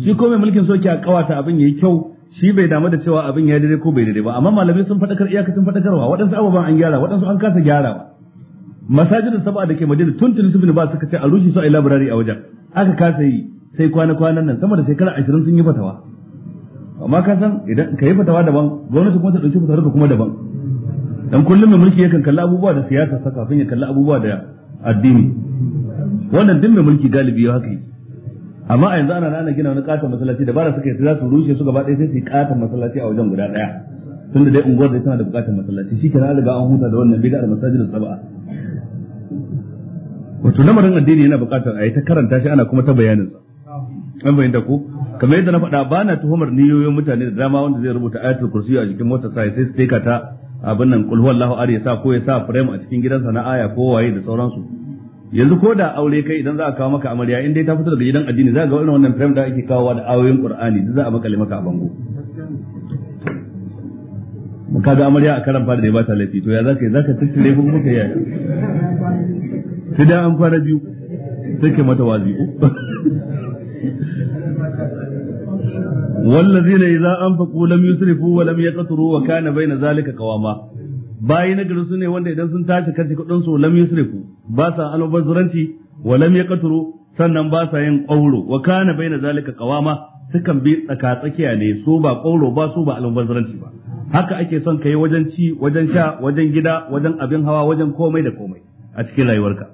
shi ko mai mulkin soki a kawata abin yayi kyau shi bai damu da cewa abin ya daidai ko bai daidai ba amma malamai sun fadakar iyakacin fadakarwa waɗansu ababen an gyara waɗansu an kasa gyarawa da saba'a da ke madina tun tun su ba suka ce a rushe su a yi labirari a wajen aka kasa yi sai kwana kwanan nan sama da shekara ashirin sun yi fatawa amma ka san idan ka yi fatawa daban gwamnati kuma ta ɗauki fatawar ka kuma daban dan kullum mai mulki yakan kalli abubuwa da siyasa sa kafin ya kalli abubuwa da addini wannan duk mai mulki galibi ya haka yi amma a yanzu ana ana gina wani katon masallaci da bara suka yi za su rushe su gaba ɗaya sai su katon masallaci a wajen guda ɗaya tun da dai unguwar da tana da bukatar masallaci shi ke riga an huta da wannan masallaci da saba'a wato lamarin addini yana bukatar a yi ta karanta shi ana kuma ta bayanin sa an bayyana ko kamar yadda na faɗa ba na tuhumar niyoyin mutane da dama wanda zai rubuta ayatul kursi a jikin motar sa sai su teka ta abin nan kul huwallahu ahad ya sa ko ya sa frame a cikin gidansa na aya ko waye da sauransu yanzu ko da aure kai idan za a kawo maka amarya in dai ta fito daga gidan addini za ga irin wannan frame da ake kawowa da ayoyin qur'ani duk za a makale maka a bango ka ga amarya a karan fara da ba ta laifi to ya zaka yi zaka ciccire ko kuma kai sai da an fara biyu sai kai mata wazi anfaqu lam yusrifu wa lam yaqtaru wa kana bayna zalika qawama bayi na gari sune wanda idan sun tashi kashe kudin su lam yusrifu ba sa albazuranci wa lam yaqturu sannan ba sa yin qawlo wa kana baina zalika qawama sukan bi tsaka tsakiya ne su ba qawlo ba su ba albazuranci ba haka ake son kai wajen ci wajen sha wajen gida wajen abin hawa wajen komai da komai a cikin rayuwarka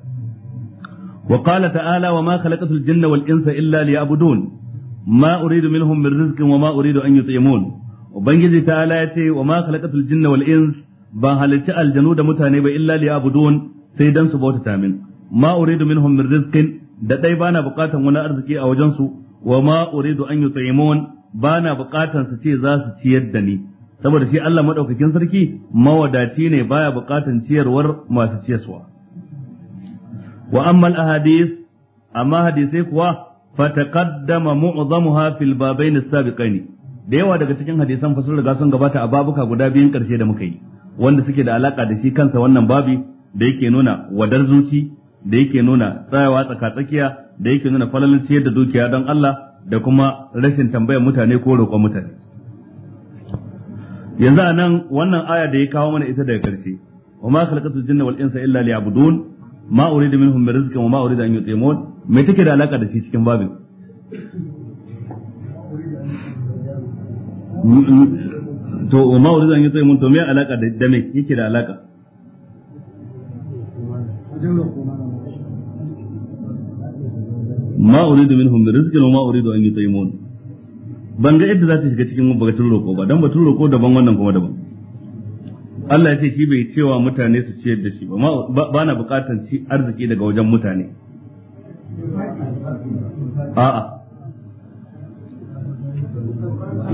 wa qala ta'ala wa ma khalaqatul jinna wal insa illa liya'budun ma uridu minhum min rizqin wa ma uridu an yut'imun ubangiji ta'ala ya ce wa ma khalaqatul jinna wal ban halarci aljanu da mutane ba illa liya'budun sai dan su bauta min ma uridu minhum min rizqin da dai bana bukatan wani arziki a wajen su wa ma uridu an yut'imun bana bukatan su ce za su ciyar da ni saboda shi Allah madaukakin sarki mawadaci ne baya bukatan ciyarwar masu ciyarwa wa amma al ahadith amma hadisai kuwa fataqaddama mu'zamuha fil babain as-sabiqain da yawa daga cikin hadisan fa sun riga sun gabata a babuka guda biyun karshe da muka yi wanda suke da alaka da shi kansa wannan babi da yake nuna wadar zuci da yake nuna tsayawa tsaka-tsakiya, da yake nuna falalin ciyar da dukiya don Allah da kuma rashin tambayar mutane ko roƙon mutane yanzu a nan wannan aya da ya kawo mana ita daga ƙarshe wa ma khalaqatu jinna wal insa illa liya'budun ma uridu minhum min rizqin wa ma uridu an yut'imun me take da alaka da shi cikin babin to ma wuri zan yi tsaye mun to me alaka da dame yake da alaka ma da minhum min rizqin da an yi an mun. ban ga yadda za ta shiga cikin batun roko ba dan batun roko daban wannan kuma daban Allah ya ce shi bai cewa mutane su ciyar da shi ba ba na buƙatar ci arziki daga wajen mutane a'a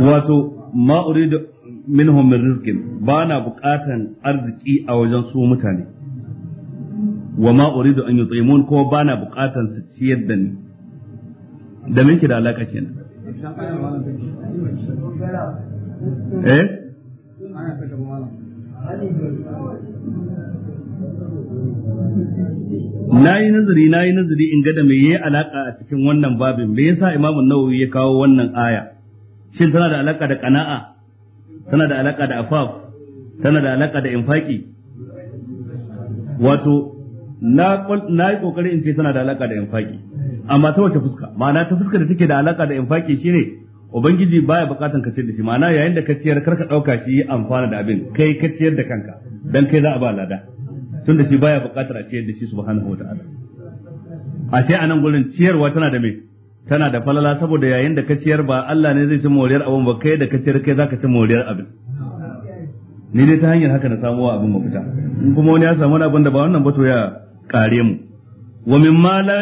wato ma uridu minhum min rizqin ba na buƙatan arziki a wajen su mutane wa ma uridu an yut'imun ko ba na buƙatan su ciyar da ni da minki da alaka kenan eh na yi nazari na yi nazari in ga da me yayi alaka a cikin wannan babin me yasa imamun nawawi ya kawo wannan aya shin tana da alaka da kana'a tana da alaka da afaf tana da alaka da infaki wato na na yi kokari in ce tana da alaka da infaki amma ta wace fuska ma'ana ta fuska da take da alaka da infaki shine ubangiji baya bukatan ka ciyar da shi ma'ana yayin da ka ciyar karka dauka shi amfana da abin kai ka ciyar da kanka dan kai za a ba lada Tun da shi baya bukatar a ciyar da shi subhanahu wataala ashe anan gurin ciyarwa tana da me tana da falala saboda yayin da ka ciyar ba Allah ne zai ci moriyar abin ba kai da ka ciyar kai zaka ci moriyar abin ni dai ta hanyar haka na samu wa abin mafita in kuma wani ya samu wani abin da ba wannan ba to ya kare mu wa mimma la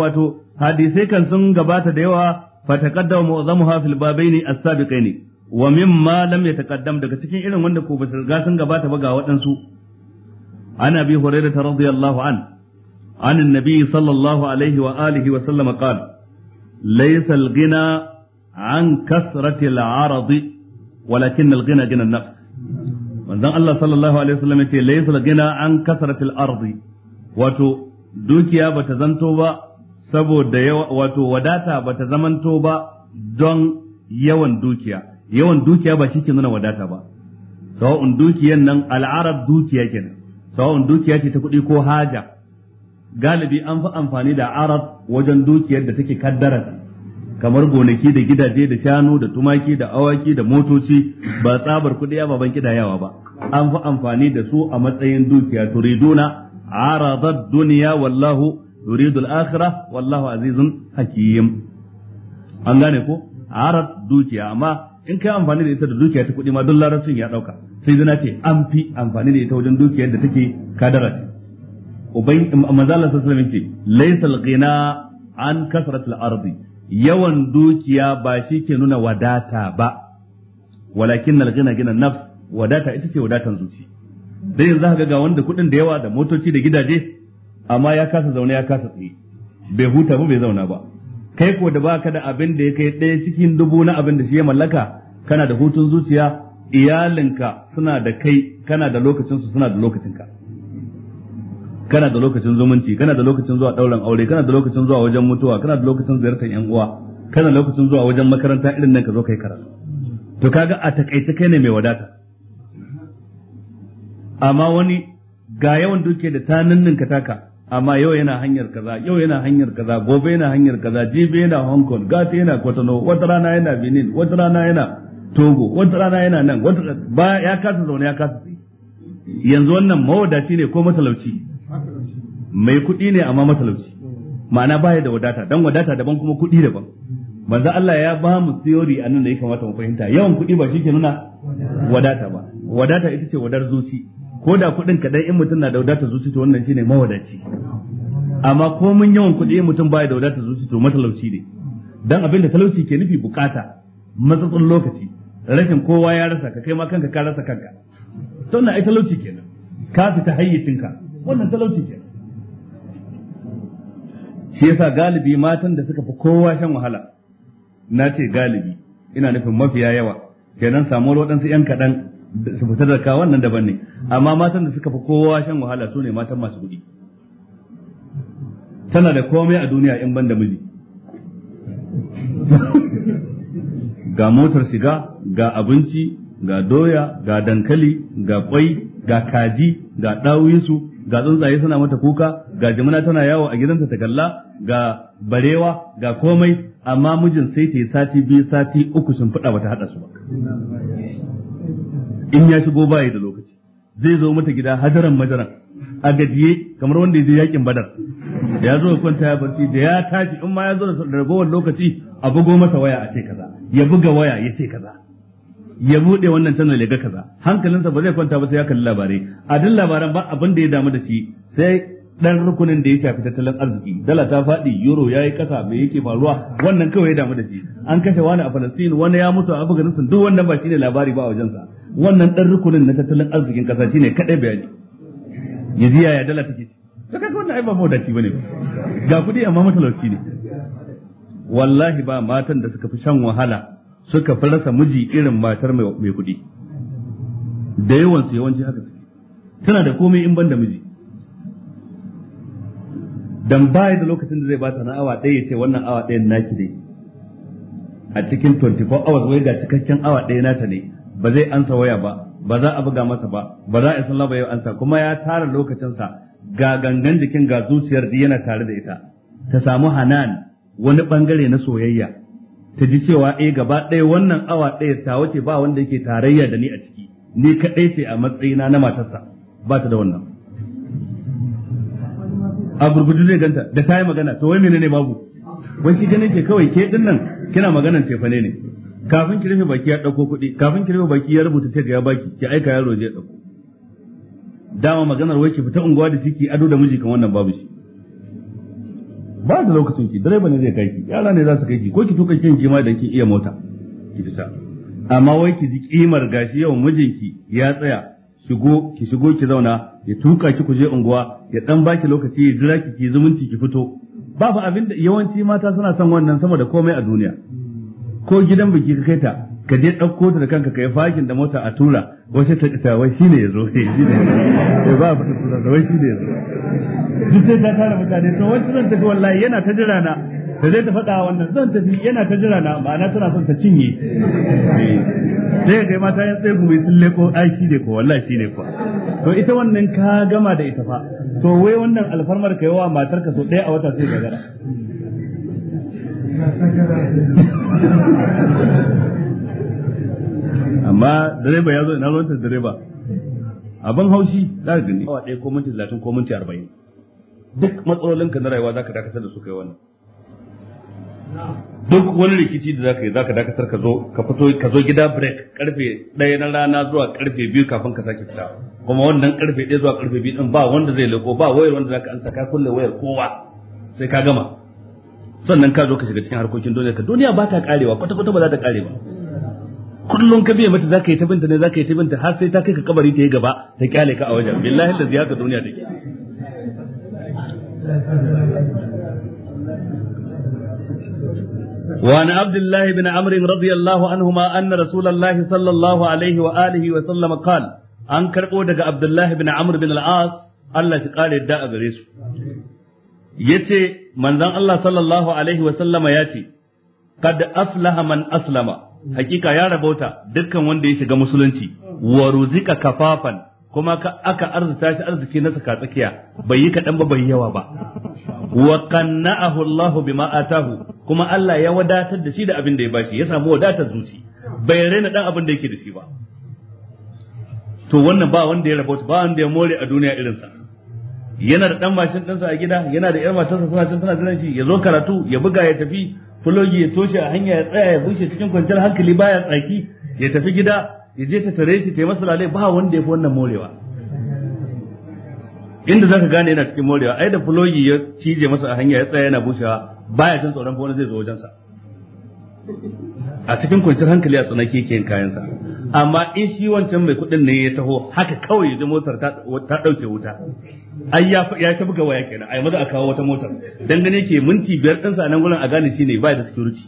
wato hadisai kan sun gabata da yawa fa taqaddama mu'azzamuha fil babaini as-sabiqaini wa mimma lam yataqaddam daga cikin irin wanda ko ba riga sun gabata ba ga waɗansu عن ابي هريره رضي An عنه عن sallallahu alaihi wa alihi wa sallama قال laysa al-ghina an kasrati al-arad walakin al-ghina gina an-nafs Allah sallallahu alaihi wasallam yace laysa al-ghina an kasrati al wato dukiya bata zanto ba saboda wato wadata bata zamanto ba don yawan dukiya yawan dukiya ba ke nuna wadata ba sawa'un dukiyan nan dukiya kenan dukiya ce ta kuɗi ko haja galibi an fi amfani da arab wajen dukiyar da take kaddara kamar gonaki da gidaje da shanu da tumaki da awaki da motoci ba tsabar kuɗi ya baban yawa ba an fi amfani da su a matsayin dukiya turiduna aradad duniya wallahu yuridu akhirah wallahu azizun hakim an gane ko arad dukiya amma in kai amfani da ita da dukiya ta kuɗi ma duk larabcin ya ɗauka sai zina ce an fi amfani da ita wajen dukiyar da take kadara ce uban manzala sallallahu alaihi ce laysal ghina an al ardi yawan dukiya ba shi ke nuna wadata ba walakin al ghina gina nafs wadata ita ce wadatan zuci dan yanzu ka ga wanda kuɗin da yawa da motoci da gidaje amma ya kasa zaune ya kasa tsaye bai huta ba bai zauna ba kai ko da baka da abin da ya kai ɗaya cikin dubu na abin da shi ya mallaka kana da hutun zuciya iyalinka suna da kai kana da lokacinsu suna da lokacinka kana da lokacin zumunci kana da lokacin zuwa dauran aure kana da lokacin zuwa wajen mutuwa kana da lokacin ziyartar yan uwa kana da lokacin zuwa wajen makaranta irin nan ka zo kai karatu to kaga a takaice kai ne mai wadata amma wani ga yawan duke da ta ninninka taka amma yau yana hanyar kaza yau yana hanyar kaza gobe yana hanyar kaza jibe yana Hong Kong gata yana kwatano wata rana yana Benin wata rana yana Togo wata rana yana nan wata ba ya kasa zaune ya kasa yanzu wannan mawadaci ne ko matalauci mai kuɗi ne amma matalauci ma'ana baya da wadata dan wadata daban kuma kuɗi daban manzo Allah ya ba mu theory anan da ya kamata mu fahimta yawan kuɗi ba shi ke nuna wadata ba wadata ita ce wadar zuci ko da kuɗin kaɗai in mutum na da wadata zuci to wannan shine mawadaci amma ko mun yawan kuɗi in mutum baya da wadata zuci to matalauci ne dan abin da talauci ke nufi bukata matsatsin lokaci rashin kowa ya rasa ka kai ma kanka ka rasa kanka to na ai talauci kenan ka fita hayyacinka wannan talauci kenan shi yasa galibi matan da suka fi kowa shan wahala na ce galibi ina nufin mafiya yawa kenan samuwar waɗansu 'yan kaɗan su fita da kawon nan daban ne amma matan da suka fi kowa shan wahala su ne matan masu kuɗi tana da komai a duniya in ban da miji ga motar shiga ga abinci ga doya ga dankali ga kwai ga kaji ga ɗawinsu ga tsuntsaye suna mata kuka ga jimina tana yawo a gidanta ta galla ga barewa ga komai amma mijin sai ta yi sati biyu sati uku sun fada bata hada su ba in ya shigo baya da lokaci zai zo mata gida hajaran majaran a gajiye kamar wanda ya je yakin badar ya zo ya kwanta ya barci da ya tashi in ma ya zo da ragowar lokaci a bugo masa waya a ce kaza ya buga waya ya ce kaza ya bude wannan channel ya ga kaza hankalinsa ba zai kwanta ba sai ya kalli labarai a duk labaran ba abin da ya damu da shi sai dan rukunin da ya shafi tattalin arziki dala ta faɗi euro yayi kasa me yake faruwa wannan kawai ya damu da shi an kashe wani a Palestine wani ya mutu a Afghanistan duk wannan ba shine labari ba a wajen sa wannan dan rukunin na tattalin arzikin kasa shine kadai bayani ya yaya dala take to kaga wannan ai ba mawadaci bane ga kudi amma matalauci ne wallahi ba matan da suka fi shan wahala suka fi rasa miji irin matar mai kuɗi da yawansu yawanci haka suke tana da komai in ban da miji dan baya da lokacin da zai ba ta na awa ɗaya ce wannan awa na ki ne a cikin 24 hours wai ga cikakken awa ɗaya nata ne ba zai ansa waya ba ba za a buga masa ba ba za a isa labar ya ansa kuma ya tara lokacinsa ga gangan jikin ga zuciyar yana tare da ita ta samu hanan wani bangare na soyayya ta ji cewa eh gaba ɗaya wannan awa ɗaya ta wace ba wanda yake tarayya da ni a ciki ni kaɗai ce a matsayina na matarsa ba ta da wannan a gurguje zai ganta da ta yi magana to wai ne babu wai shi ganin ke kawai ke din nan kina maganan cefa ne kafin ki rufe baki ya ɗauko kuɗi kafin ki rufe baki ya rubuta ce ya baki ki aika yaro je ɗauko dama maganar wai ki fita unguwa da ciki ado da miji kan wannan babu shi ba da lokacin ki direba ne zai kai ki yara ne za su kai ki ko ki tuka kin kima da ki iya mota ki fita amma wai ki ji kimar gashi yau mijinki ya tsaya shigo ki shigo ki zauna ya tuka ki kuje unguwa ya dan baki lokaci ya jira ki ki zumunci ki fito babu abin da yawanci mata suna son wannan sama da komai a duniya ko gidan biki ka kai ta ka je ɗauko ta da kanka ka yi fakin da mota a tura wasu ta ta wai zo ne eh ne ya eh, eh, ba fata sura da wai ya zo. duk sai ta tara mutane to wacce zan tafi wallahi yana ta jira na ta zai ta faɗa wannan zan tafi yana ta jira na ma'ana tana son ta cinye eh, sai ga mata yan tsaye gumi sun leko ai shi ne ko wallahi ne ko to ita wannan ka gama da ita fa to wai wannan alfarmar ka yawa matar ka so ɗaya a wata sai ka gara amma direba ya zo ina ruwanta direba abin haushi za ka gani awa ɗaya ko minti talatin ko minti arba'in duk matsalolin ka na rayuwa za ka dakatar da su kai wannan duk wani rikici da zaka yi zaka dakatar ka zo ka fito ka zo gida break karfe ɗaya na rana zuwa karfe biyu kafin ka sake fita kuma wannan karfe ɗaya zuwa karfe biyu din ba wanda zai leko ba wayar wanda zaka ansa ka kulle wayar kowa sai ka gama sannan ka zo ka shiga cikin harkokin duniya ka duniya ba ta karewa kwata kwata ba za ta kare ba kullum ka biya mata zaka yi ta binta ne zaka yi ta binta har sai ta kai ka kabari ta yi gaba ta kyale ka a wajen billahi da ziyaka duniya take وعن عبد الله بن عمرو رضي الله عنهما أن رسول الله صلى الله عليه وآله وسلم قال أن كرقو دك عبد الله بن عمرو بن العاص الله شقال الداء غريس يتي من ذن الله صلى الله عليه وسلم ياتي قد أفلح من أسلم hakika ya rabauta dukkan wanda ya shiga musulunci wa ruzika kafafan kuma ka aka arzuta shi arziki na saka tsakiya bai yi kaɗan ba bai yawa ba wa qanna'ahu Allahu bima atahu kuma Allah ya wadatar da shi da abin da ya bashi ya samu wadatar zuci bai raina dan abin da yake da shi ba to wannan ba wanda ya rabauta ba wanda ya more a duniya irin sa. yana da dan mashin dinsa a gida yana da yar matarsa suna cin tana jiran shi ya zo karatu ya buga ya tafi fulogi ya toshe a hanya ya tsaya ya bushe cikin kwanciyar hankali baya tsaki ya tafi gida ya je ta tare shi ta yi masa lalai ba wanda ya fi wannan morewa inda zaka gane yana cikin morewa ai da fulogi ya cije masa a hanya ya tsaya yana bushewa baya jin tsoron wani zai zo wajensa a cikin kwanciyar hankali a tsanake yake kayan sa amma in shi wancan mai kuɗin ne ya taho haka kawai ya ji motar ta ɗauke wuta ai ya ya tafi ga waya kenan ai maza a kawo wata motar dan gane ke minti biyar din sa nan gurin a gane shine baya da security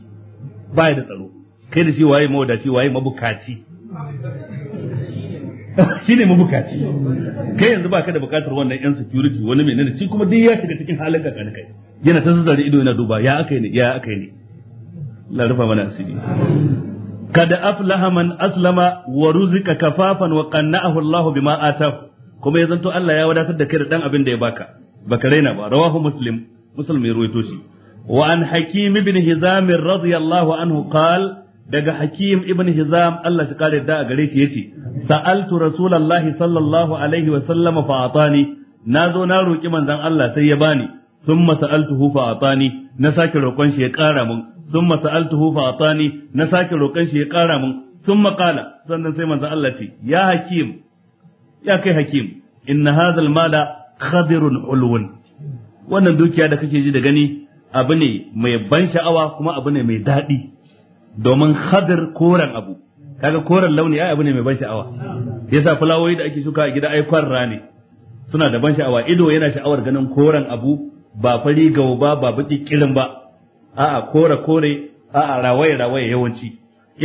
baya da tsaro kai da shi waye mawadaci waye mabukaci shine mabukaci kai yanzu baka da bukatar wannan yan security wani menene shi kuma duk ya shiga cikin halin ka kan kai yana ta zazzare ido yana duba ya akai ne ya akai ne Allah rufa mana asiri kada aflaha man aslama wa ruzika kafafan wa qanna'ahu Allahu bima atahu kuma ya zanto Allah ya wadatar da kai da dan abin da ya baka baka raina ba rawahu muslim muslim ya ruwaito shi wa an hakim ibn hizam radiyallahu anhu qal daga hakim ibn hizam Allah shi kare da a gare shi yace sa'altu rasulullahi sallallahu alaihi wa sallama fa atani nazo na roki manzon Allah sai ya bani na sake ثم سألته فأعطاني نساك روكن شي قارا من ثم سألته فأعطاني نساك روكن ya ƙara من ثم قال sannan sai manzo Allah ce ya hakim ya kai hakim inna hadhal mala khadirun ulwun wannan dukiya da kake ji da gani abu ne mai ban sha'awa kuma abu ne mai daɗi domin khadir koren abu kaga koren launi ai abu ne mai ban sha'awa yasa fulawoyi da ake shuka a gida ai kwarra ne suna da ban sha'awa ido yana sha'awar ganin koren abu ba fari gawo ba ba baki kirin ba a'a kore kore a'a rawaye rawaye yawanci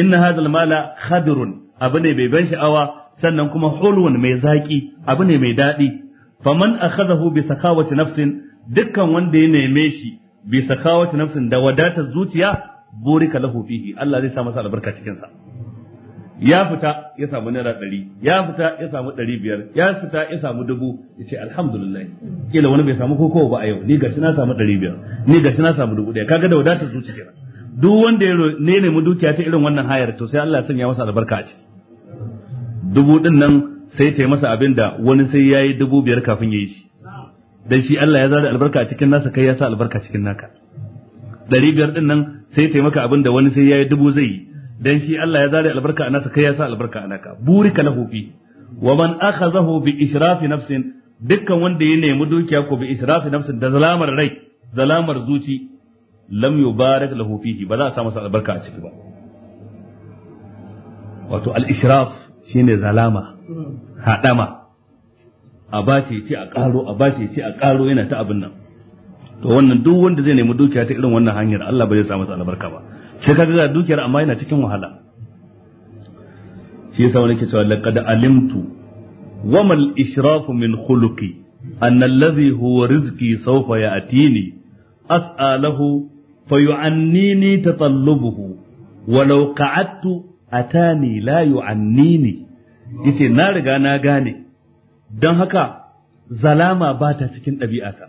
inna hadhal mala khadirun abu ne mai ban sha'awa sannan kuma hulwan mai zaki abu ne mai daɗi faman akhadahu bi sakawati nafsin dukkan wanda ya neme shi bi sakawati nafsin da wadatar zuciya burika lahu fihi Allah zai sa masa albarka cikin sa ya fita ya samu naira ɗari ya fita ya samu ɗari biyar ya fita ya samu dubu ya ce alhamdulillah kila wani bai samu koko ba a yau ni gashi na samu ɗari biyar ni gashi na samu dubu ɗaya kaga da wadatar zuciya duk wanda ya nemi dukiya ta irin wannan hayar to sai Allah ya sanya masa albarka a ciki dubu din nan sai ta yi masa abin da wani sai ya yi dubu biyar kafin ya yi shi dan shi Allah ya zada albarka a cikin nasa kai ya sa albarka cikin naka Dari biyar din nan sai ta yi maka abin da wani sai ya yi dubu zai yi dan shi Allah ya zada albarka a nasa kai ya sa albarka a naka burika lahu fi wa man akhazahu bi israfi nafsin dukkan wanda ya nemi dukiya ko bi israfi nafsin da zalamar rai zalamar zuci lam yubarak lahu fihi ba za a sa masa albarka a ciki ba wato al israf shine zalama haɗama a bashi ce a ƙaro a bashi ce a ƙaro yana ta abin nan to wannan duk wanda zai nemi dukiya ta irin wannan hanyar Allah ba zai sa masa albarka ba sai kaga ga dukiyar amma yana cikin wahala shi yasa wani ke cewa laqad alimtu wa mal israfu min khuluqi an alladhi huwa rizqi sawfa ya'tini as'alahu fayu'annini tatallubuhu ولو قعدت atani la yu'annini yace na riga na gane don haka zalama ba ta cikin ɗabi'ata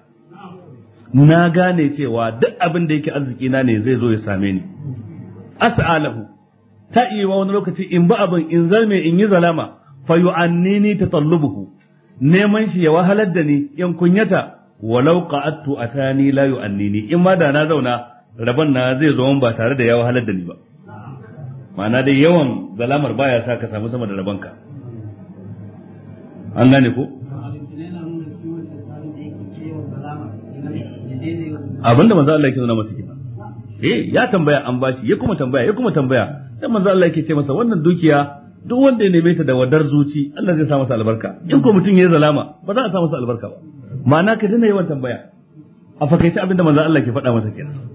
na gane cewa duk abin da yake arziki na ne zai zo ya same ni as'alahu ta iya wani lokaci in ba abin in zalme in yi zalama fa yu'annini tatallubuhu neman shi ya wahalar da ni 'yan kunyata walau qa'attu atani la yu'annini in ma da na zauna rabon na zai zo ba tare da ya wahalar da ni ba ma'ana dai yawan zalamar baya sa ka samu sama da rabanka an gane ko abinda manzo Allah yake nuna masa kenan eh ya tambaya an bashi ya kuma tambaya ya kuma tambaya dan manzo Allah yake ce masa wannan dukiya duk wanda ya neme ta da wadar zuci Allah zai sa masa albarka in ko mutum ya zalama ba za a sa masa albarka ba ma'ana ka dina yawan tambaya a fakaice abinda manzo Allah ke faɗa masa kenan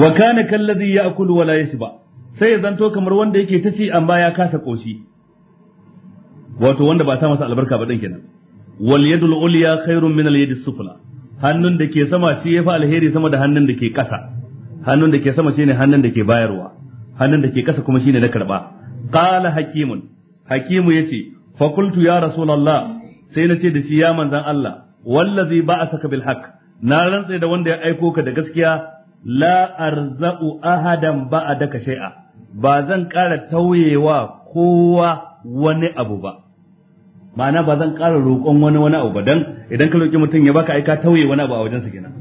wa kana kallazi ya'kulu wa la yashba sai ya zanto kamar wanda yake ta ci amma ya kasa koshi wato wanda ba sa masa albarka ba din kenan wal yadul ulya khairun min al yadis sufla hannun da ke sama shi yafi alheri sama da hannun da ke kasa hannun da ke sama shine hannun da ke bayarwa hannun da ke kasa kuma shine na karba qala hakimun hakimu yace fa qultu ya rasulullah sai nace da shi ya manzan Allah wallazi ba'asaka bil haqq na rantsa da wanda ya aiko ka da gaskiya la arza'u ahadan ba'adaka shay'a ba zan ƙara tawayewa kowa wani abu ba ma'ana ba zan ƙara roƙon wani wani abu dan idan ka roƙi mutum ya baka aika tawaye wani abu a wajensa kenan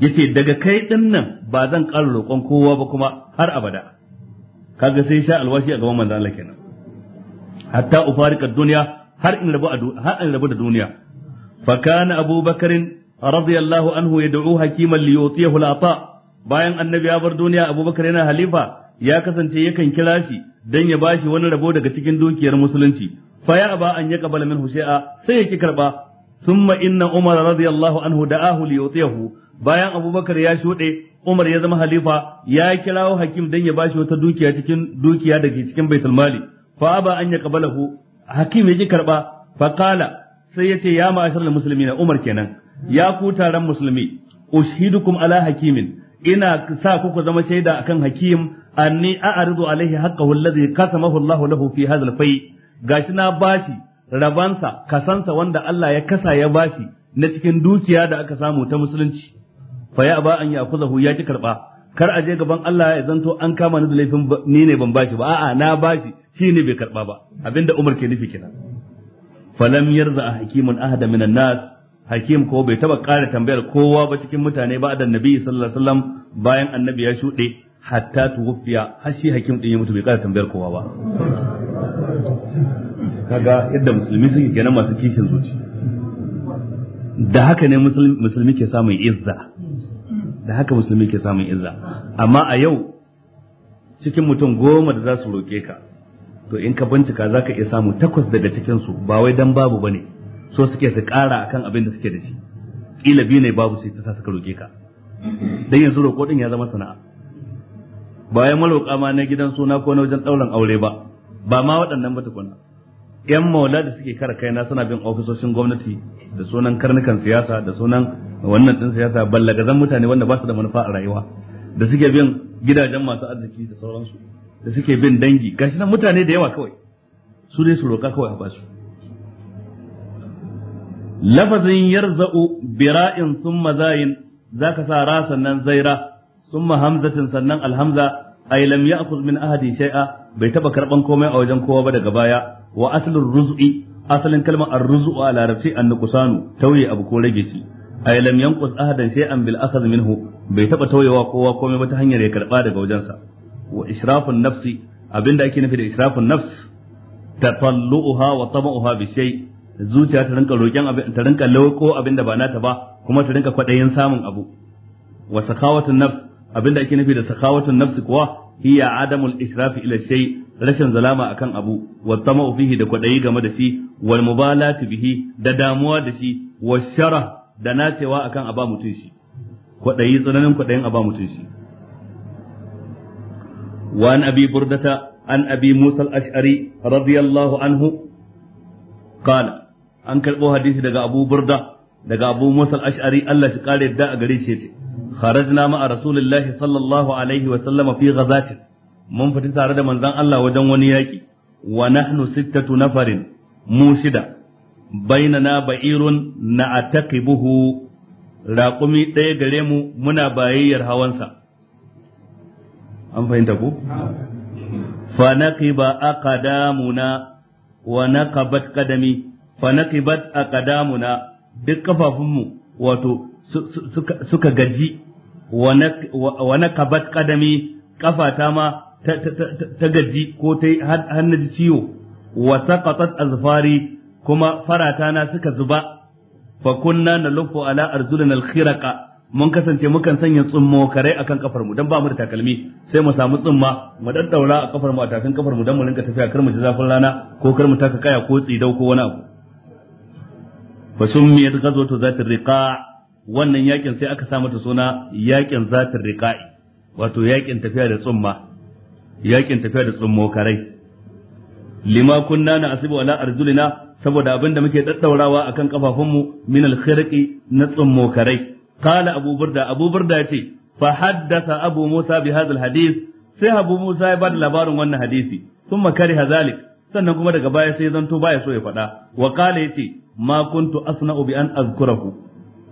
yace daga kai din nan ba zan ƙara roƙon kowa ba kuma har abada kaga sai sha alwashi a gaban manzo Allah kenan hatta ufarika duniya har in rabu har in rabu da duniya fa kana abubakarin radiyallahu anhu yad'u hakiman li yutiyahu al-ata bayan annabi ya bar duniya abubakar yana halifa ya kasance yakan kira shi dan ya bashi wani rabo daga cikin dukiyar musulunci fa ya aba an ya kabala min shay'a sai yake karba thumma inna umar radiyallahu anhu da'ahu li yutiyahu bayan abubakar ya shude umar ya zama halifa ya kirawo hakim dan ya bashi wata dukiya cikin dukiya daga cikin baitul mali fa aba an ya hu hakim yake karba fa qala sai yace ya ma'asharul muslimina umar kenan ya ku taron musulmi ushidukum ala hakimin ina sa ku ku zama shaida akan hakim anni a'ridu alaihi haqqahu alladhi qasamahu Allahu lahu fi hadha al-fay gashi na bashi rabansa kasansa wanda Allah ya kasa ya bashi na cikin dukiya da aka samu ta musulunci fa ya ba an yakuzahu ya ki karba kar a je gaban Allah ya zanto an kama ni da laifin ni ne ban bashi ba a'a na bashi shi ne bai karba ba abinda Umar ke nufi kenan falam yarza hakimun ahada minan nas hakim ko bai taba ƙara tambayar kowa ba cikin mutane ba da nabi sallallahu alaihi wasallam bayan annabi ya shuɗe hatta tuwfiya har shi hakim din ya mutu bai ƙara tambayar kowa ba kaga yadda musulmi suke kenan masu kishin zuci da haka ne musulmi ke samun izza da haka musulmi ke samun izza amma a yau cikin mutum goma da za su roƙe ka to in ka bincika za ka iya samu takwas daga cikinsu ba wai dan babu ba ne so suke su ƙara akan abin da suke da shi kila biyu ne babu sai ta sa suka roƙe ka dan yanzu roƙo din ya zama sana'a ya maroƙa ma na gidan suna ko na wajen ɗaurin aure ba ba ma waɗannan ba tukuna yan maula da suke kara na suna bin ofisoshin gwamnati da sunan karnukan siyasa da sunan wannan ɗin siyasa ballagazan mutane wanda ba su da manufa a rayuwa da suke bin gidajen masu arziki da sauransu da suke bin dangi gashi nan mutane da yawa kawai su dai su roƙa kawai a basu lafazin yarza'u bira'in summa zayin zaka sa ra sannan zaira summa hamzatin sannan alhamza ay lam ya'khudh min ahadi shay'a bai taba karban komai a wajen kowa ba daga baya wa aslur ruz'i asalin kalmar ar-ruzu a larabci an-nuqsanu tauye abu ko rage shi ay lam yanqus ahadan shay'an bil akhadh minhu bai taba tauyewa kowa komai ba ta hanyar ya karba daga wajensa wa israfun nafsi abinda ake nufi da israfun nafs tatalluha wa tama'uha bi shay' zuciya ta rinka roƙen ta rinka lauko abin da ba nata ba kuma ta rinka kwaɗayin samun abu wa sakawatun nafs abin da ake nufi da sakawatun nafs kuwa hiya adamul israfi ila shay rashin zalama akan abu wa tamau fihi da kwaɗayi game da shi wal mubalati bihi da damuwa da shi wa shara da nacewa akan aba mutun shi kwaɗayi tsananin kwaɗayin aba mutun shi wa an abi burdata an abi musa al-ash'ari radiyallahu anhu قال an karɓo hadisi daga Abu Burda daga Abu Musa ashari Allah shi kare yadda a gare shi yace kharajna ma'a rasulullahi sallallahu alaihi wa sallama fi ghazatin mun fita tare da manzon Allah wajen wani yaki wa nahnu sittatu nafarin mu shida bainana ba'irun buhu. raƙumi ɗaya gare mu muna bayayyar hawansa an fahimta ku fa naqiba aqdamuna wa naqabat qadami fa naqibat aqdamuna duk kafafunmu wato suka gaji wa naqabat qadami kafata ma ta gaji ko ta hannaji ciwo wa saqatat azfari kuma farata na suka zuba fa kunna nalufu ala arzulina alkhiraqa mun kasance mukan sanya tsummo kare akan kafar mu dan ba mu da takalmi sai mu samu tsumma mu daddaura a kafar mu a tafin kafar mu dan mu rinka tafiya kar mu ji zafin rana ko kar mu taka kaya ko tsidau ko wani abu fa summiyat ghazwatu zatir riqa wannan yakin sai aka sa mata suna yakin zatir riqa'i wato yakin tafiya da tsumma yakin tafiya da tsummo karai lima kunna na asibu ala arjulina saboda abinda muke daddaurawa akan kafafunmu min alkhirqi na tsummo karai qala abu burda abu burda yace fa haddatha abu musa bi hadha alhadith sai abu musa ya bada labarin wannan hadisi thumma kariha zalik sannan kuma daga baya sai zanto baya so ya faɗa wa ya yace ma kuntu asna'u bi an azkurahu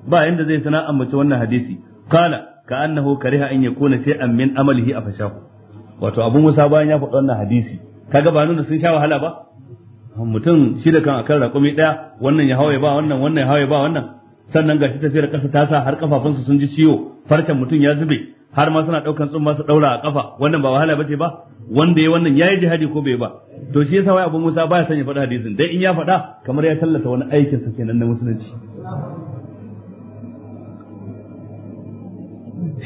ba inda zai sana ambaci wannan hadisi kala ka annahu kariha an yakuna shay'an min amalihi afashahu wato abu musa bayan ya faɗi wannan hadisi kaga ba nuna sun sha wahala ba mutum shi da kan akan raƙumi ɗaya wannan ya hawaye ba wannan wannan ya hawaye ba wannan sannan gashi tafiyar ƙasa ta sa har kafafunsa sun ji ciwo farcen mutum ya zube har ma suna daukan tsumma su daura a kafa wannan ba wahala bace ba wanda ya wannan yayi jihadi ko bai ba to shi yasa wai Abu Musa baya son ya faɗi hadisin dai in ya faɗa kamar ya tallata wani aikin sa kenan na musulunci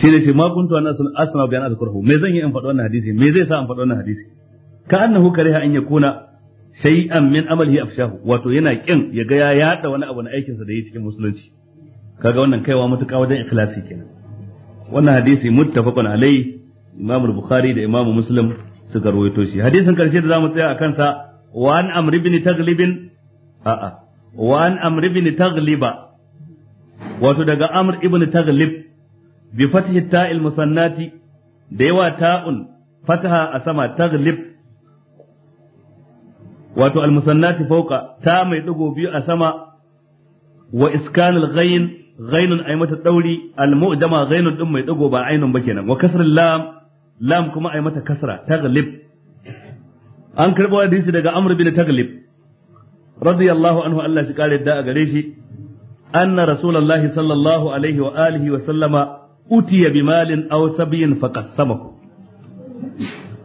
shi ne ce ma kuntu ana asna bayan azkurhu me zan yi in faɗi wannan hadisi me zai sa in faɗi wannan hadisi ka annahu kariha an yakuna shay'an min amalihi afshahu wato yana kin ya ga ya yada wani abu na aikin sa da yi cikin musulunci kaga wannan kaiwa mutuka wajen ikhlasi kenan wannan hadisi muttafaqun alai Imam Bukhari da Imam Muslim suka rawaito shi hadisin karshe da zamu tsaya a kansa wa an amr ibn taglib a a wa an amr ibn tagliba wato daga amr ibn taglib bi fathi ta'il musannati da yawa ta'un fataha a sama taglib wato al musannati fawqa ta mai digo biyu a sama wa iskanul ghayn ghainun ai mata dauri al mu'jama ghainun din mai dago ba ainun ba kenan wa kasrul lam lam kuma ai mata kasra taglib an karbo hadisi daga amr bin taglib radiyallahu anhu Allah shi kare da a gare shi anna rasulullahi sallallahu alaihi wa alihi wa sallama utiya bi malin aw sabiyin fa qassamahu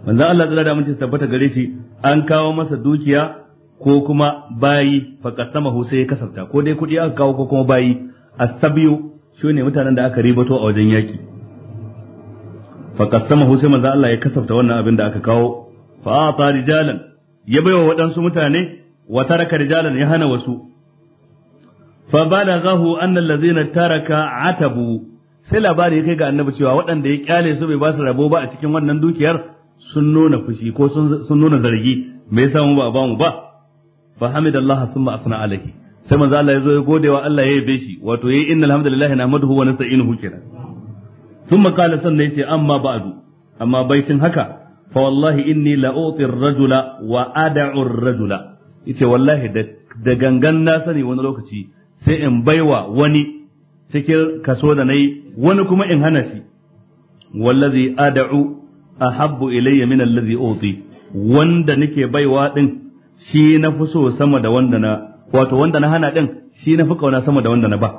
manzo Allah tsara da mun ci tabbata gare shi an kawo masa dukiya ko kuma bayi fa qassamahu sai ya kasafta ko dai kudi aka kawo ko kuma bayi astabiyu shine mutanen da aka ribato a wajen yaki fa hu sai manzo Allah ya kasafta wannan abin da aka kawo fa ata rijalan ya baiwa waɗansu mutane wa taraka rijalan ya hana wasu fa balaghahu anna allazina taraka atabu sai labari ya kai ga annabi cewa waɗanda ya kyale su bai ba su rabo ba a cikin wannan dukiyar sun nuna fushi ko sun nuna zargi me yasa mu ba ba mu ba fa hamidallahi thumma asna alaihi sai manzo Allah ya zo ya gode wa Allah ya yabe shi wato yayi innal hamdalillahi nahmaduhu wa nasta'inuhu kenan thumma qala sannan yace amma ba'du amma baitin haka fa wallahi inni la uti ar-rajula wa ad'u ar-rajula yace wallahi da gangan na sani wani lokaci sai in baiwa wani cikin kaso da nayi wani kuma in hana shi wallazi ad'u ahabbu ilayya min allazi uti wanda nake baiwa din shi na fi so sama da wanda na wato wanda na hana din shi na fi kauna sama da wanda na ba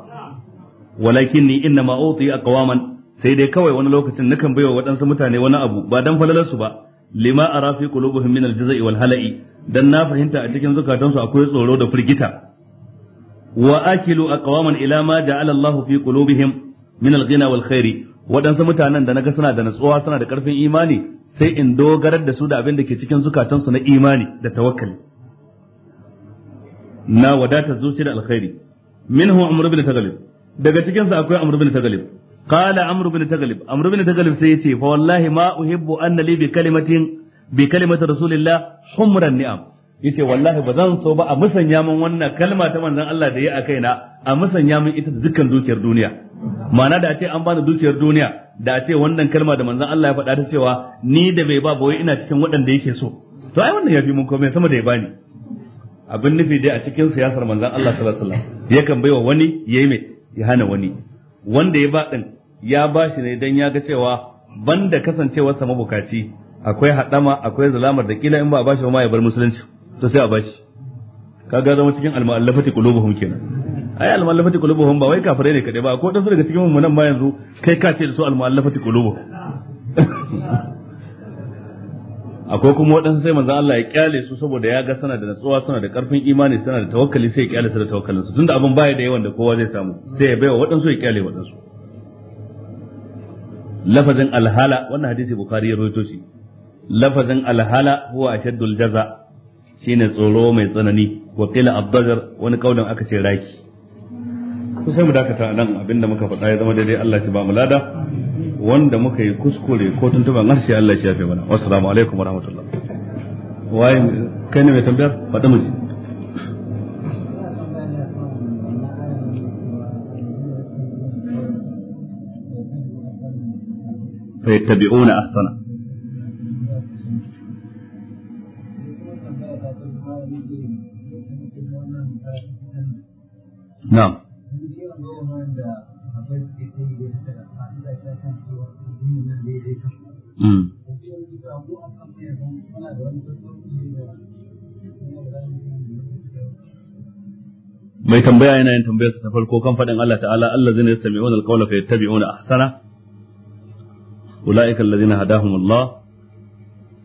walakin ni inna ma uti aqwaman sai dai kawai wani lokacin nakan baiwa waɗansu mutane wani abu ba dan su ba lima ara fi qulubihim min al wal hala'i dan na fahimta a cikin zukatansu akwai tsoro da firgita wa akilu aqwaman ila ma ja'ala Allahu fi qulubihim min al wal khairi waɗansu mutanen da naga suna da natsuwa suna da ƙarfin imani sai in dogarar da su da abin da ke cikin zukatansu na imani da tawakkali na wadatar zuci da alkhairi minhu amr ibn taglib daga cikin sa akwai amr ibn taglib qala amr ibn taglib amr ibn taglib sai yace fa wallahi ma uhibbu anna li bi kalimatin bi kalimati rasulillah humran ni'am yace wallahi ba zan so ba a musanya min wannan kalma ta manzon Allah da ya a kaina a musanya min ita da dukkan zuciyar duniya ma'ana da a ce an bani zuciyar duniya da a ce wannan kalma da manzon Allah ya faɗa ta cewa ni da bai ba boye ina cikin waɗanda yake so to ai wannan ya fi mun komai sama da ya bani abin nufi dai a cikin siyasar manzan Allah sallallahu alaihi wasallam yakan baiwa wani yayi mai ya hana wani wanda ya ba din ya ba shi ne dan ya ga cewa banda kasancewar sa mabukaci akwai haɗama akwai zalamar da kila in ba a bashi ba ma ya bar musulunci to sai a bashi kaga zama cikin almu'allafati qulubuhum kenan ai almu'allafati qulubuhum ba wai kafirai ne kadai ba ko dan daga cikin mu nan ma yanzu kai ka ce da su almu'allafati qulubuhum akwai kuma waɗansu sai manzan Allah ya kyale su saboda ya ga sana da natsuwa sana da karfin imani sana da tawakkali sai ya kyale su da tawakkalinsu tunda abin baya da yawan da kowa zai samu sai ya baiwa waɗansu ya kyale waɗansu lafazin alhala wannan hadisi bukhari ya rawaito shi lafazin alhala huwa ashaddul jaza shine tsoro mai tsanani wa qila abdajar wani kaulin aka ce raki ku sai mu dakata nan abinda muka faɗa ya zama daidai Allah shi ba mu lada wanda muka yi kuskure ko tuntuban arshi Allah shi ya fi mana wassalamu alaikum warahmatullahi waye kai ne mai tambayar faɗa mu فيتبعون أحسنه Hmm. mai tambaya yana yin tambayarsa ta farko kan faɗin Allah ta'ala Allah zai yastami'una alqawla fa yattabi'una ahsana ulaika alladhina Allah,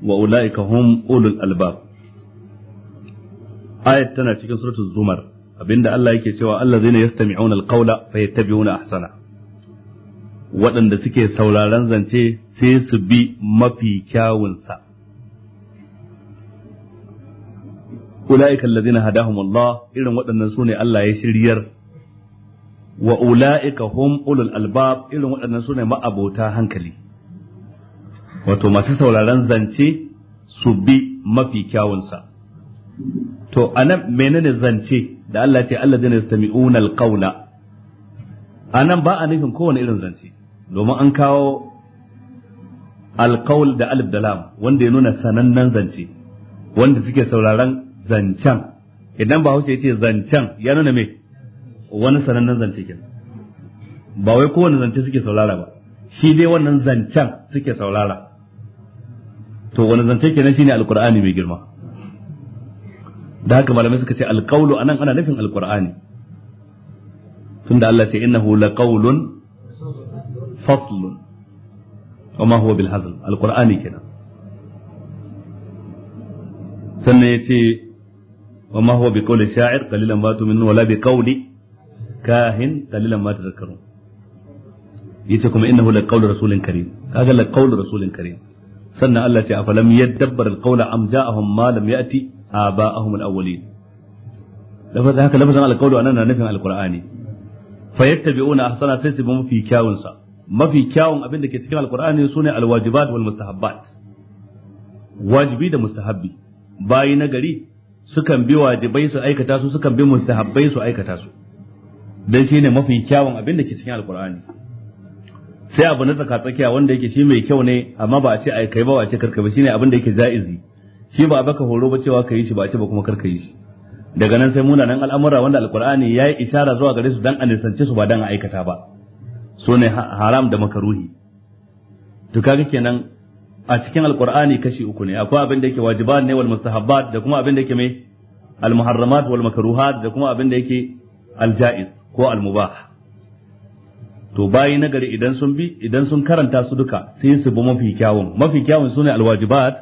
wa ulaika hum ulul albab ayat tana cikin suratul zumar abinda Allah yake cewa Allah zai yastami'una alqawla fa yattabi'una ahsana waɗanda suke sauraron zance sai su bi mafi kyawunsa. Ula'ika allazina hadahumullah irin waɗannan su ne Allah ya shiryar wa ula'ika hum ulul albab irin waɗannan su ne ma'abota hankali. Wato masu sauraron zance su bi mafi kyawunsa. To, anan menene zance da Allah ce allazina yastami'una alqawla anan ba a nufin kowane irin zance. domin an kawo alkawul da alif da lam wanda ya nuna sanannen zance wanda suke sauraron zancen idan ba hausa ya ce zancen ya nuna me wani sanannen zance kenan ba wai kowane zance suke saurara ba shi dai wannan zancen suke saurara to wani zance kenan shine alkur'ani mai girma da haka malamai suka ce alqawlu anan ana nufin alkur'ani tunda Allah ce innahu laqawlun فصل وما هو بالهزل القرآني كده سنة وما هو بقول شاعر قليلا ما تؤمنون ولا بقول كاهن قليلا ما تذكرون يتكم إنه لقول رسول كريم هذا لقول رسول كريم سنة الله تعالى فلم يدبر القول أم جاءهم ما لم يأتي آباءهم الأولين لفظ هكذا لفظنا على القول أننا نفهم القرآن فيتبعون أحسن سيسبهم في كاونسا mafi kyawun abin da ke cikin alkur'ani sune alwajibat wal mustahabbat wajibi da mustahabbi bayi na gari sukan bi wajibai su aikata su sukan bi mustahabbai su aikata su dan ne mafi kyawun abin da ke cikin alkur'ani sai abu na tsaka tsakiya wanda yake shi mai kyau ne amma ba a ce a kai ba ba a ce karka ba shine abin da yake ja'izi shi ba a baka horo ba cewa ka yi shi ba a ce ba kuma karka yi shi daga nan sai munanan al'amura wanda alkur'ani ya yi isara zuwa gare su dan a nisance su ba dan a aikata ba su ne haram da makaruhi to kaga kenan a cikin alqur'ani kashi uku ne akwai abin da yake wajibat ne wal mustahabbat da kuma abin da yake mai al muharramat wal makruhat da kuma abin da yake al jaiz ko al mubah to bayi nagari idan sun bi idan sun karanta su duka sai su bi mafi kyawun mafi kyawun sune al wajibat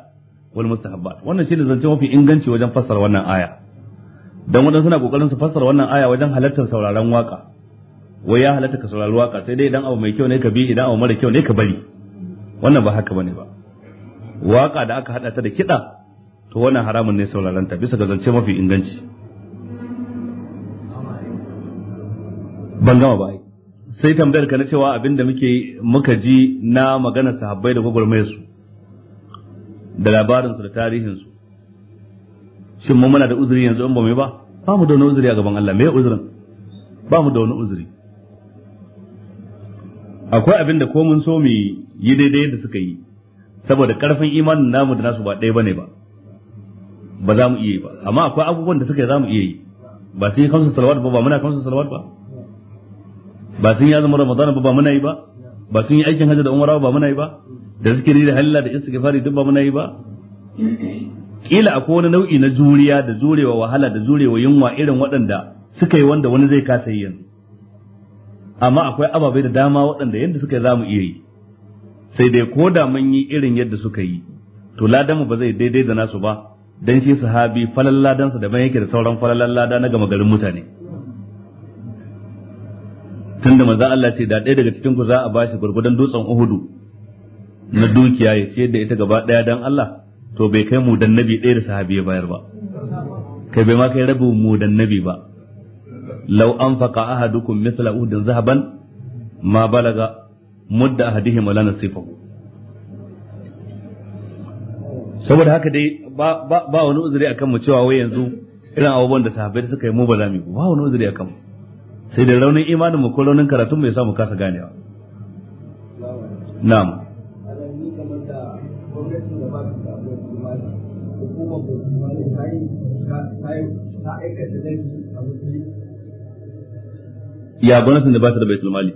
wal mustahabbat wannan shine zance mafi inganci wajen fassara wannan aya dan wadansu suna kokarin su fassara wannan aya wajen halartar sauraron waka wai ya halatta ka saurari waka sai dai idan abu mai kyau ne ka bi idan abu mara kyau ne ka bari wannan ba haka bane ba waka da aka hada ta da kiɗa to wannan haramun ne sauraron bisa ga zance mafi inganci ban gama ba sai tambayar ka na cewa abin da muke muka ji na magana sahabbai da gwagwarmayar su da labarin su da tarihin su shin mu muna da uzuri yanzu in ba mai ba ba mu da wani uzuri a gaban Allah me uzurin ba mu da wani uzuri akwai abin da ko mun so mu yi daidai yadda suka yi saboda karfin imanin namu da nasu ba ɗaya bane ba ba za mu iya yi ba amma akwai abubuwan da suka yi za mu iya yi ba sun yi kamsu salawat ba ba muna kamsu salawat ba ba sun yi azumin ramadana ba ba muna yi ba ba sun yi aikin hajji da umara ba muna yi ba da suke da halila da istighfari duk ba muna yi ba kila akwai wani nau'i na juriya da jurewa wahala da jurewa yunwa irin waɗanda suka yi wanda wani zai kasa yi yanzu amma akwai ababai da dama waɗanda yadda suka yi za mu iya yi sai dai ko da mun yi irin yadda suka yi to ladanmu ba zai daidai da nasu ba dan shi sahabi falal ladansa daban yake da sauran falal lada na gama garin mutane tunda manzo Allah ce da ɗaya daga cikin ku za a bashi gurgudan dutsen Uhudu na dukiya ya ce da ita gaba ɗaya dan Allah to bai kai mu dan nabi ɗaya da sahabi ya bayar ba kai bai ma kai rabin mu dan nabi ba لو anfaqa ahadukum مثل udin zahaban ma balaga mudda ahadihim ولا nasifahu saboda haka dai ba wani uzuri akan mu cewa wai yanzu irin abubuwan da sahabbai suka yi mu ba zami ba wani uzuri akan mu sai da raunin imanin mu ko raunin karatun mai samu kasa ganewa na'am ta ya gwamnatin da ba ta da baitul mali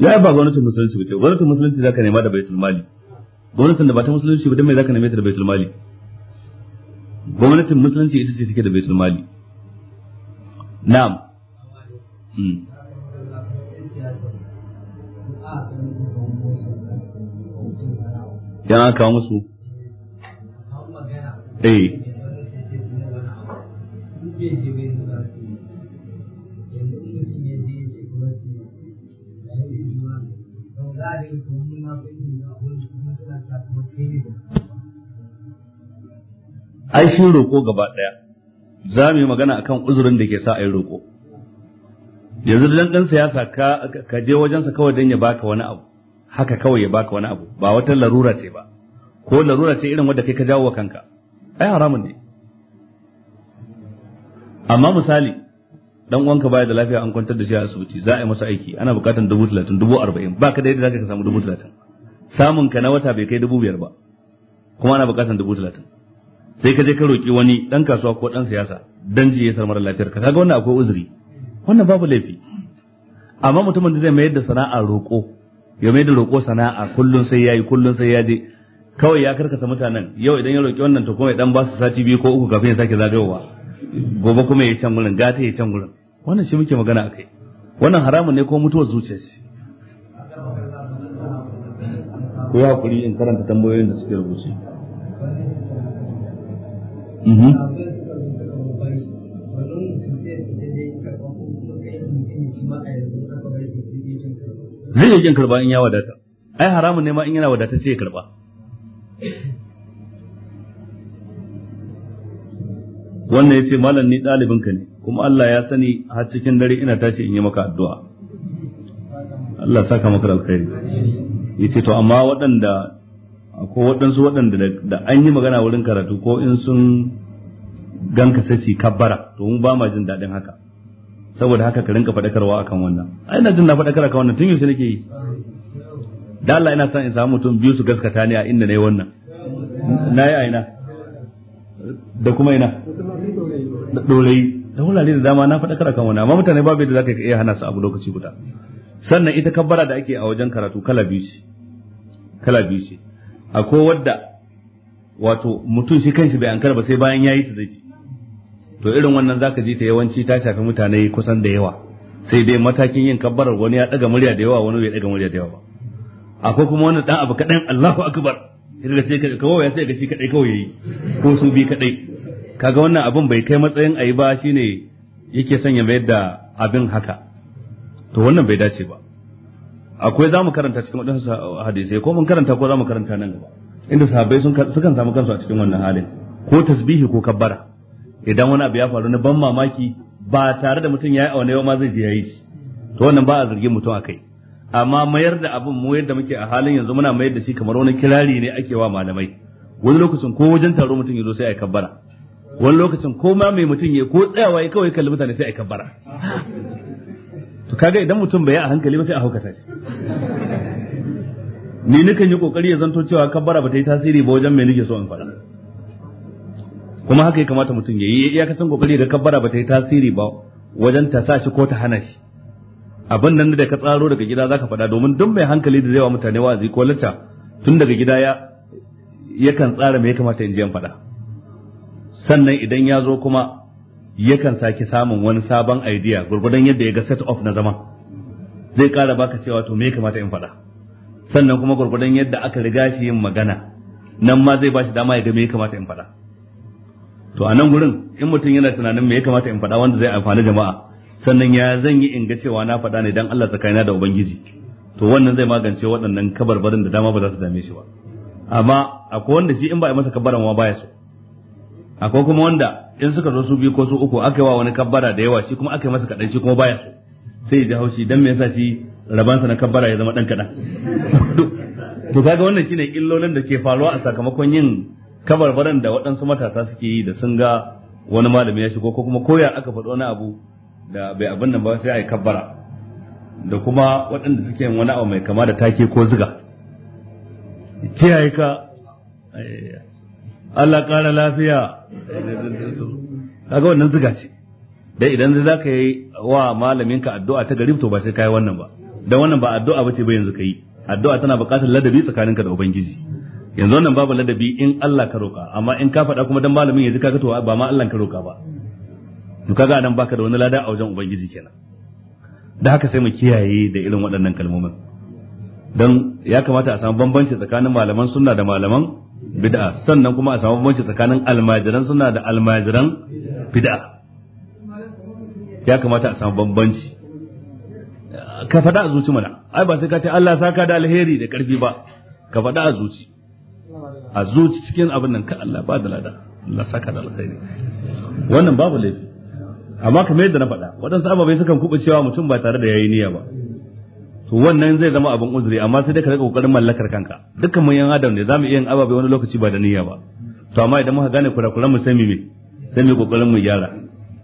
ya ba gwamnatin musulunci ba ce gwamnatin musulunci zaka nema da baitul mali gwamnatin da ba ta musulunci ba dan me zaka nema ta da baitul mali gwamnatin musulunci ita ce take da baitul mali na'am hmm. idan aka kawo musu eh ai shi roƙo gaba ɗaya za mu yi magana akan uzurin da ke sa ai roƙo yanzu dan dan ya ka je wajensa kawai dan ya baka wani abu haka kawai ya baka wani abu ba wata larura ce ba ko larura ce irin wadda kai ka jawo wa kanka ai haramun ne amma misali dan uwanka baya da lafiya an kwantar da shi a asibiti za a yi masa aiki ana bukatar dubu talatin dubu arba'in ba ka da yadda zaka ka samu dubu talatin samun ka na wata bai kai dubu biyar ba kuma ana bukatar dubu talatin sai ka je ka roki wani dan kasuwa ko dan siyasa dan ji ya mara lafiyar ka kaga wannan akwai uzuri wannan babu laifi amma mutumin da zai mayar da sana'a roko ya mai da roƙo sana'a kullun sai yayi kullun sai ya je kawai ya karkasa mutanen yau idan ya roƙi wannan to kuma idan dan ba su sati biyu ko uku kafin ya sake zagayowa gobe kuma ya can gurin gata ya can gurin wannan shi muke magana akai wannan haramun ne ko mutuwar zuciya ce ku yi hakuri in karanta tambayoyin da suke rubuce mhm. zai iya kin karba in ya wadata ai haramun ne ma in yana wadata sai ya karba wannan yace malam ni dalibin ka ne kuma Allah ya sani har cikin dare ina tashi in yi maka addu'a Allah saka maka alkhairi yace to amma waɗanda ko waɗansu waɗanda da an yi magana wurin karatu ko in sun ganka sai su kabbara to mu ba ma jin daɗin haka saboda haka ka rinka faɗakarwa akan wannan ai ina jin na faɗakar akan wannan tun yaushe nake yi da Allah ina son in samu mutum biyu su gaskata ni a inda nayi wannan na yi Ina, da kuma ina da ɗorayi da wulare da dama na faɗakar akan wannan amma mutane babu yadda zaka iya hana su abu lokaci guda sannan ita kabbara da ake a wajen karatu kala biyu ce kala biyu ce akwai wadda wato mutum shi kanshi bai ankara ba sai bayan yayi ta zai to irin wannan zaka ji ta yawanci ta shafi mutane kusan da yawa sai dai matakin yin kabbarar wani ya daga murya da yawa wani bai daga murya da yawa akwai kuma wani dan abu kadan Allahu akbar kaga sai ka kawai sai ga shi kadai kawai yayi ko su bi kadai kaga wannan abun bai kai matsayin ayi ba shine yake sanya mayar da abin haka to wannan bai dace ba akwai zamu karanta cikin waɗansu hadisai ko mun karanta ko za mu karanta nan gaba inda sahabbai sukan samu kansu a cikin wannan halin ko tasbihi ko kabbara idan wani abu ya faru na ban mamaki ba tare da mutum ya yi aune ba ma zai je ya yi shi to wannan ba a zargi mutum akai amma mayar da abin mu yadda muke a halin yanzu muna mayar da shi kamar wani kirari ne ake wa malamai wani lokacin ko wajen taro mutum ya zo sai ai kabbara wani lokacin ko ma mai mutum ya ko tsayawa ya kawai kalli mutane sai ai kabbara to kaga idan mutum bai yi a hankali ba sai a haukata shi ni nukan yi kokari ya zanto cewa kabbara ba ta yi tasiri ba wajen mai nake so in faɗa kuma haka ya kamata mutum ya yi kasan kokari da kabbara ba ta yi tasiri ba wajen ta sa shi ko ta hana shi abin nan da ka tsaro daga gida zaka faɗa domin duk mai hankali da zai wa mutane wa'azi ko lacca tun daga gida ya yakan tsara me ya kamata in je in faɗa sannan idan ya zo kuma yakan sake samun wani sabon idea gurgudan yadda ya ga set off na zama zai kara baka cewa to me ya kamata in faɗa sannan kuma gurgudan yadda aka riga shi yin magana nan ma zai ba shi dama ya ga me ya kamata in faɗa to a nan gurin in mutum yana tunanin me ya kamata in faɗa wanda zai amfani jama'a sannan ya zan yi in ga cewa na faɗa ne dan Allah tsakanina da ubangiji to wannan zai magance waɗannan kabarbarin da dama ba za su dame shi ba amma akwai wanda shi in ba a masa kabbaran ma baya so akwai kuma wanda in suka zo su biyu ko su uku aka yi wa wani kabbara da yawa shi kuma aka yi masa kaɗan shi kuma baya so sai ya ji haushi dan me yasa shi rabansa na kabbara ya zama dan kaɗan to kaga wannan shine illolin da ke faruwa a sakamakon yin kabarbaran da waɗansu matasa suke yi da sun ga wani malami ya shigo ko kuma koya aka faɗo wani abu da bai abin nan ba sai a yi kabbara da kuma waɗanda suke yin wani abu mai kama da take ko ziga kiyaye ka Allah ƙara lafiya kaga wannan ziga ce dai idan za ka yi wa malaminka addu'a ta garib to ba sai ka yi wannan ba dan wannan ba addu'a ba ce ba yanzu ka yi addu'a tana buƙatar ladabi tsakaninka da ubangiji yanzu wannan babu ladabi in Allah ka roƙa amma in ka faɗa kuma dan malamin yanzu kaga to ba ma Allah ka roƙa ba to kaga nan baka da wani lada a wajen ubangiji kenan da haka sai mu kiyaye da irin waɗannan kalmomin dan ya kamata a samu bambanci tsakanin malaman sunna da malaman bid'a sannan kuma a samu bambanci tsakanin almajiran sunna da almajiran bid'a ya kamata a samu bambanci ka faɗa a zuci mana ai ba sai ka ce Allah saka da alheri da ƙarfi ba ka faɗa a zuci a zuci cikin abin nan ka Allah ba da lada Allah saka da alkhairi wannan babu laifi amma kamar yadda na faɗa waɗansu ababai sukan kuɓa cewa mutum ba tare da yayi niyya ba to wannan zai zama abin uzuri amma sai dai ka rika kokarin mallakar kanka dukkan mun yan adam ne zamu iya yin ababai wani lokaci ba da niyya ba to amma idan muka gane kurakuran mu sai mu me sai mu kokarin mu gyara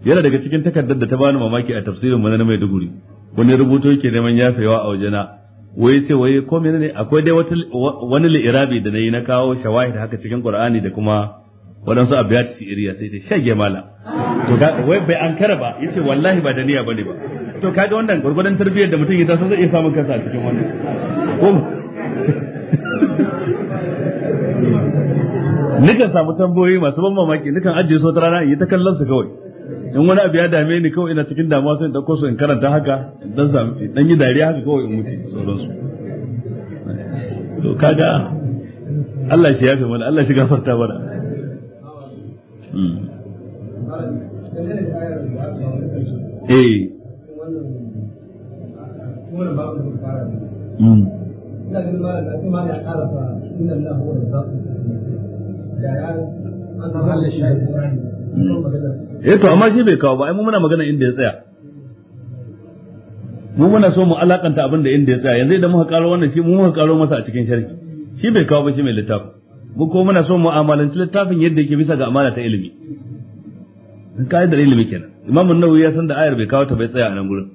yana daga cikin takardar da ta bani mamaki a tafsirin mu na mai duguri wani rubuto yake neman yafewa a wajena wai ce wai ko menene akwai dai wata wani li'irabi da nayi na kawo shawahid haka cikin Qur'ani da kuma waɗansu abiyat iriya sai ce shage mala to ga wai bai an kara ba yace wallahi ba da niyya bane ba to kaga wannan gurgurdan tarbiyyar da mutum ya taso zai iya samun kansa a cikin wannan Nukan samu tambayoyi masu ban mamaki nikan ajiye su wata rana in yi ta kallon su kawai in wani abu ya dame ni kawai ina cikin damuwa sai in dauko su in karanta haka dan sami dan yi dariya haka kawai in mutu sauransu to kaga Allah shi yafe mana Allah shi gafarta mana hmm. eh da hmm. ya hmm. eh to amma shi bai kawo ba ai mu muna magana inda ya tsaya mu muna so mu alakanta abin da inda ya tsaya yanzu idan muka karo wannan shi mu muka karo masa a cikin sharhi shi bai kawo ba shi mai littafin mu ko muna so mu amalanci littafin yadda yake bisa ga amana ta ilimi In ka ka'idar ilimi kenan imamu nawawi ya san da ayar bai kawo ta bai tsaya a nan gurin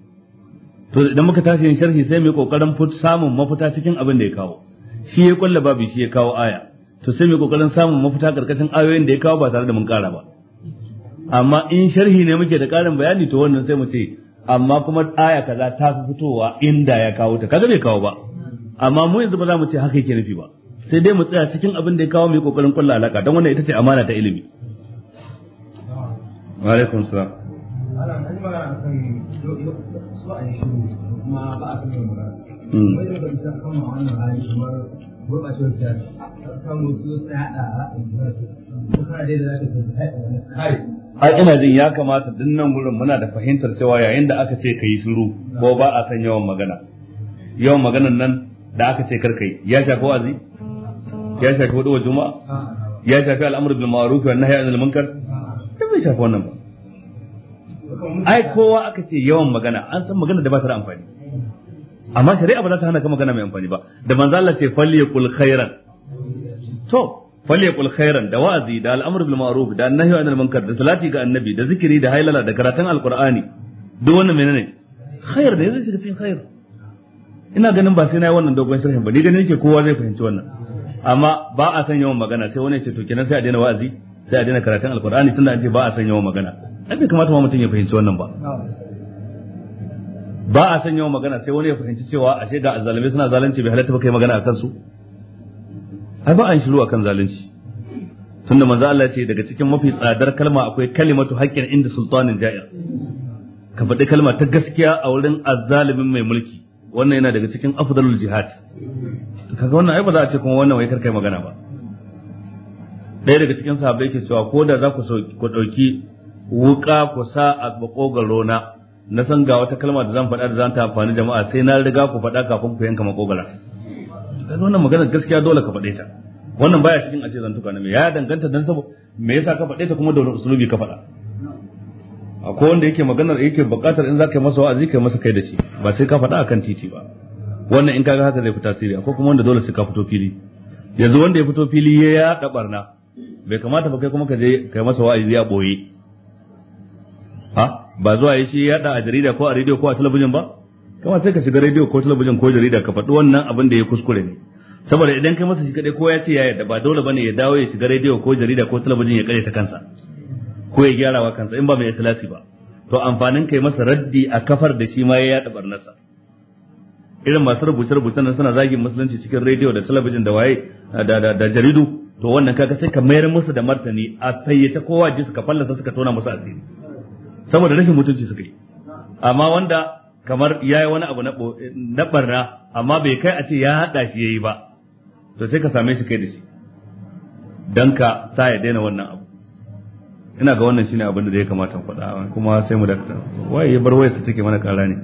to idan muka tashi yin sharhi sai mu yi kokarin samun mafita cikin abin da ya kawo shi ya kulla babu shi ya kawo aya to sai mu yi kokarin samun mafita karkashin ayoyin da ya kawo ba tare da mun kara ba amma in sharhi ne muke da ƙarin bayani to wannan sai mu ce amma kuma aya kaza ta fi fitowa inda ya kawo ta kaga bai kawo ba amma mu yanzu ba za mu ce haka yake nufi ba sai dai mu tsaya cikin abin da ya kawo mai yi kokarin kulla alaka don wannan ita ce amana ta ilimi wa alaikum salam hmm. gurɓacewar siyasa samu su sai haɗa a ra'ayin gwamnati ko kana dai da za ka kai ai ina jin ya kamata dinnan gurin muna da fahimtar cewa yayin da aka ce ka yi shiru ko ba a san yawan magana yawan maganan nan da aka ce karkai yi ya shafi wazi ya shafi wadda juma'a ya shafi al'amur bil ma'ruf wa nahyi anil munkar da bai shafi wannan ba ai kowa aka ce yawan magana an san magana da ba ta da amfani amma shari'a ba za ta hana ka magana mai amfani ba da manzo Allah ce falyakul khairan to falyakul khairan da wa'azi da al'amr bil ma'ruf da annahyu anil munkar da salati ga annabi da zikiri da hailala da karatun alqur'ani duk wannan menene khair ne zai shiga cikin khair ina ganin ba sai nayi wannan dogon sharhin ba ni ganin yake kowa zai fahimci wannan amma ba a san yawan magana sai wani ya ce to kenan sai a daina wa'azi sai a daina karatun alqur'ani tunda an ce ba a san yawan magana ai bai kamata ma mutum ya fahimci wannan ba ba a san yawan magana sai wani ya fahimci cewa ashe ga azzalumai suna zalunci bai halatta ba kai magana akan su ai ba an shiru akan zalunci tunda manzo Allah ce daga cikin mafi tsadar kalma akwai kalimatu haqqin inda sultanin ja'ir ka faɗi kalma ta gaskiya a wurin azzalimin mai mulki wannan yana daga cikin afdalul jihad kaga wannan ai ba za a ce kuma wannan wai karkai magana ba ɗaya daga cikin sahabbai ke cewa ko da za ku ku ɗauki wuka ku sa a makogaro na na san ga wata kalma da zan faɗa da zan ta amfani jama'a sai na riga ku faɗa kafin ku yanka makogara kaga wannan magana gaskiya dole ka faɗe ta wannan baya cikin ashe zantuka ne ya danganta dan sabo me yasa ka faɗe ta kuma da usulubi ka faɗa akwai wanda yake maganar yake buƙatar in zaka yi masa wa'azi kai masa kai da shi ba sai ka faɗa akan titi ba wannan in kaga haka zai fi tasiri akwai kuma wanda dole sai ka fito fili yanzu wanda ya fito fili ya yaɗa barna bai kamata ba kai kuma ka je kai masa wa'azi ya ɓoye ha ba zuwa yi shi yaɗa a jarida ko a rediyo ko a talabijin ba kamar sai ka shiga rediyo ko talabijin ko jarida ka faɗi wannan abin da ya kuskure ne saboda idan kai masa shi kaɗai, ko ya ce ya yarda ba dole bane ya dawo ya shiga rediyo ko jarida ko talabijin ya kare ta kansa ko ya gyara wa kansa in ba mai itilasi ba to amfanin kai masa raddi a kafar da shi ma ya yaɗa barnarsa irin masu rubuce-rubuce nan suna zagin musulunci cikin rediyo da talabijin da waye da jaridu to wannan kaga sai ka mayar musu da martani a fayyace kowa ji suka fallasa suka tona musu asiri saboda rashin mutunci suka yi amma wanda kamar ya yi wani abu na barna amma bai kai a ce ya hada shi ya yi ba to sai ka same shi kai da shi don ka sa ya daina wannan abu ina ga wannan shine abin da ya kamata mu faɗa kuma sai mu dakata waye ya bar wayarsa take mana kara ne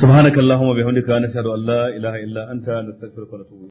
سبحانك اللهم وبحمدك نشهد ان لا اله الا انت نستغفرك ونتوب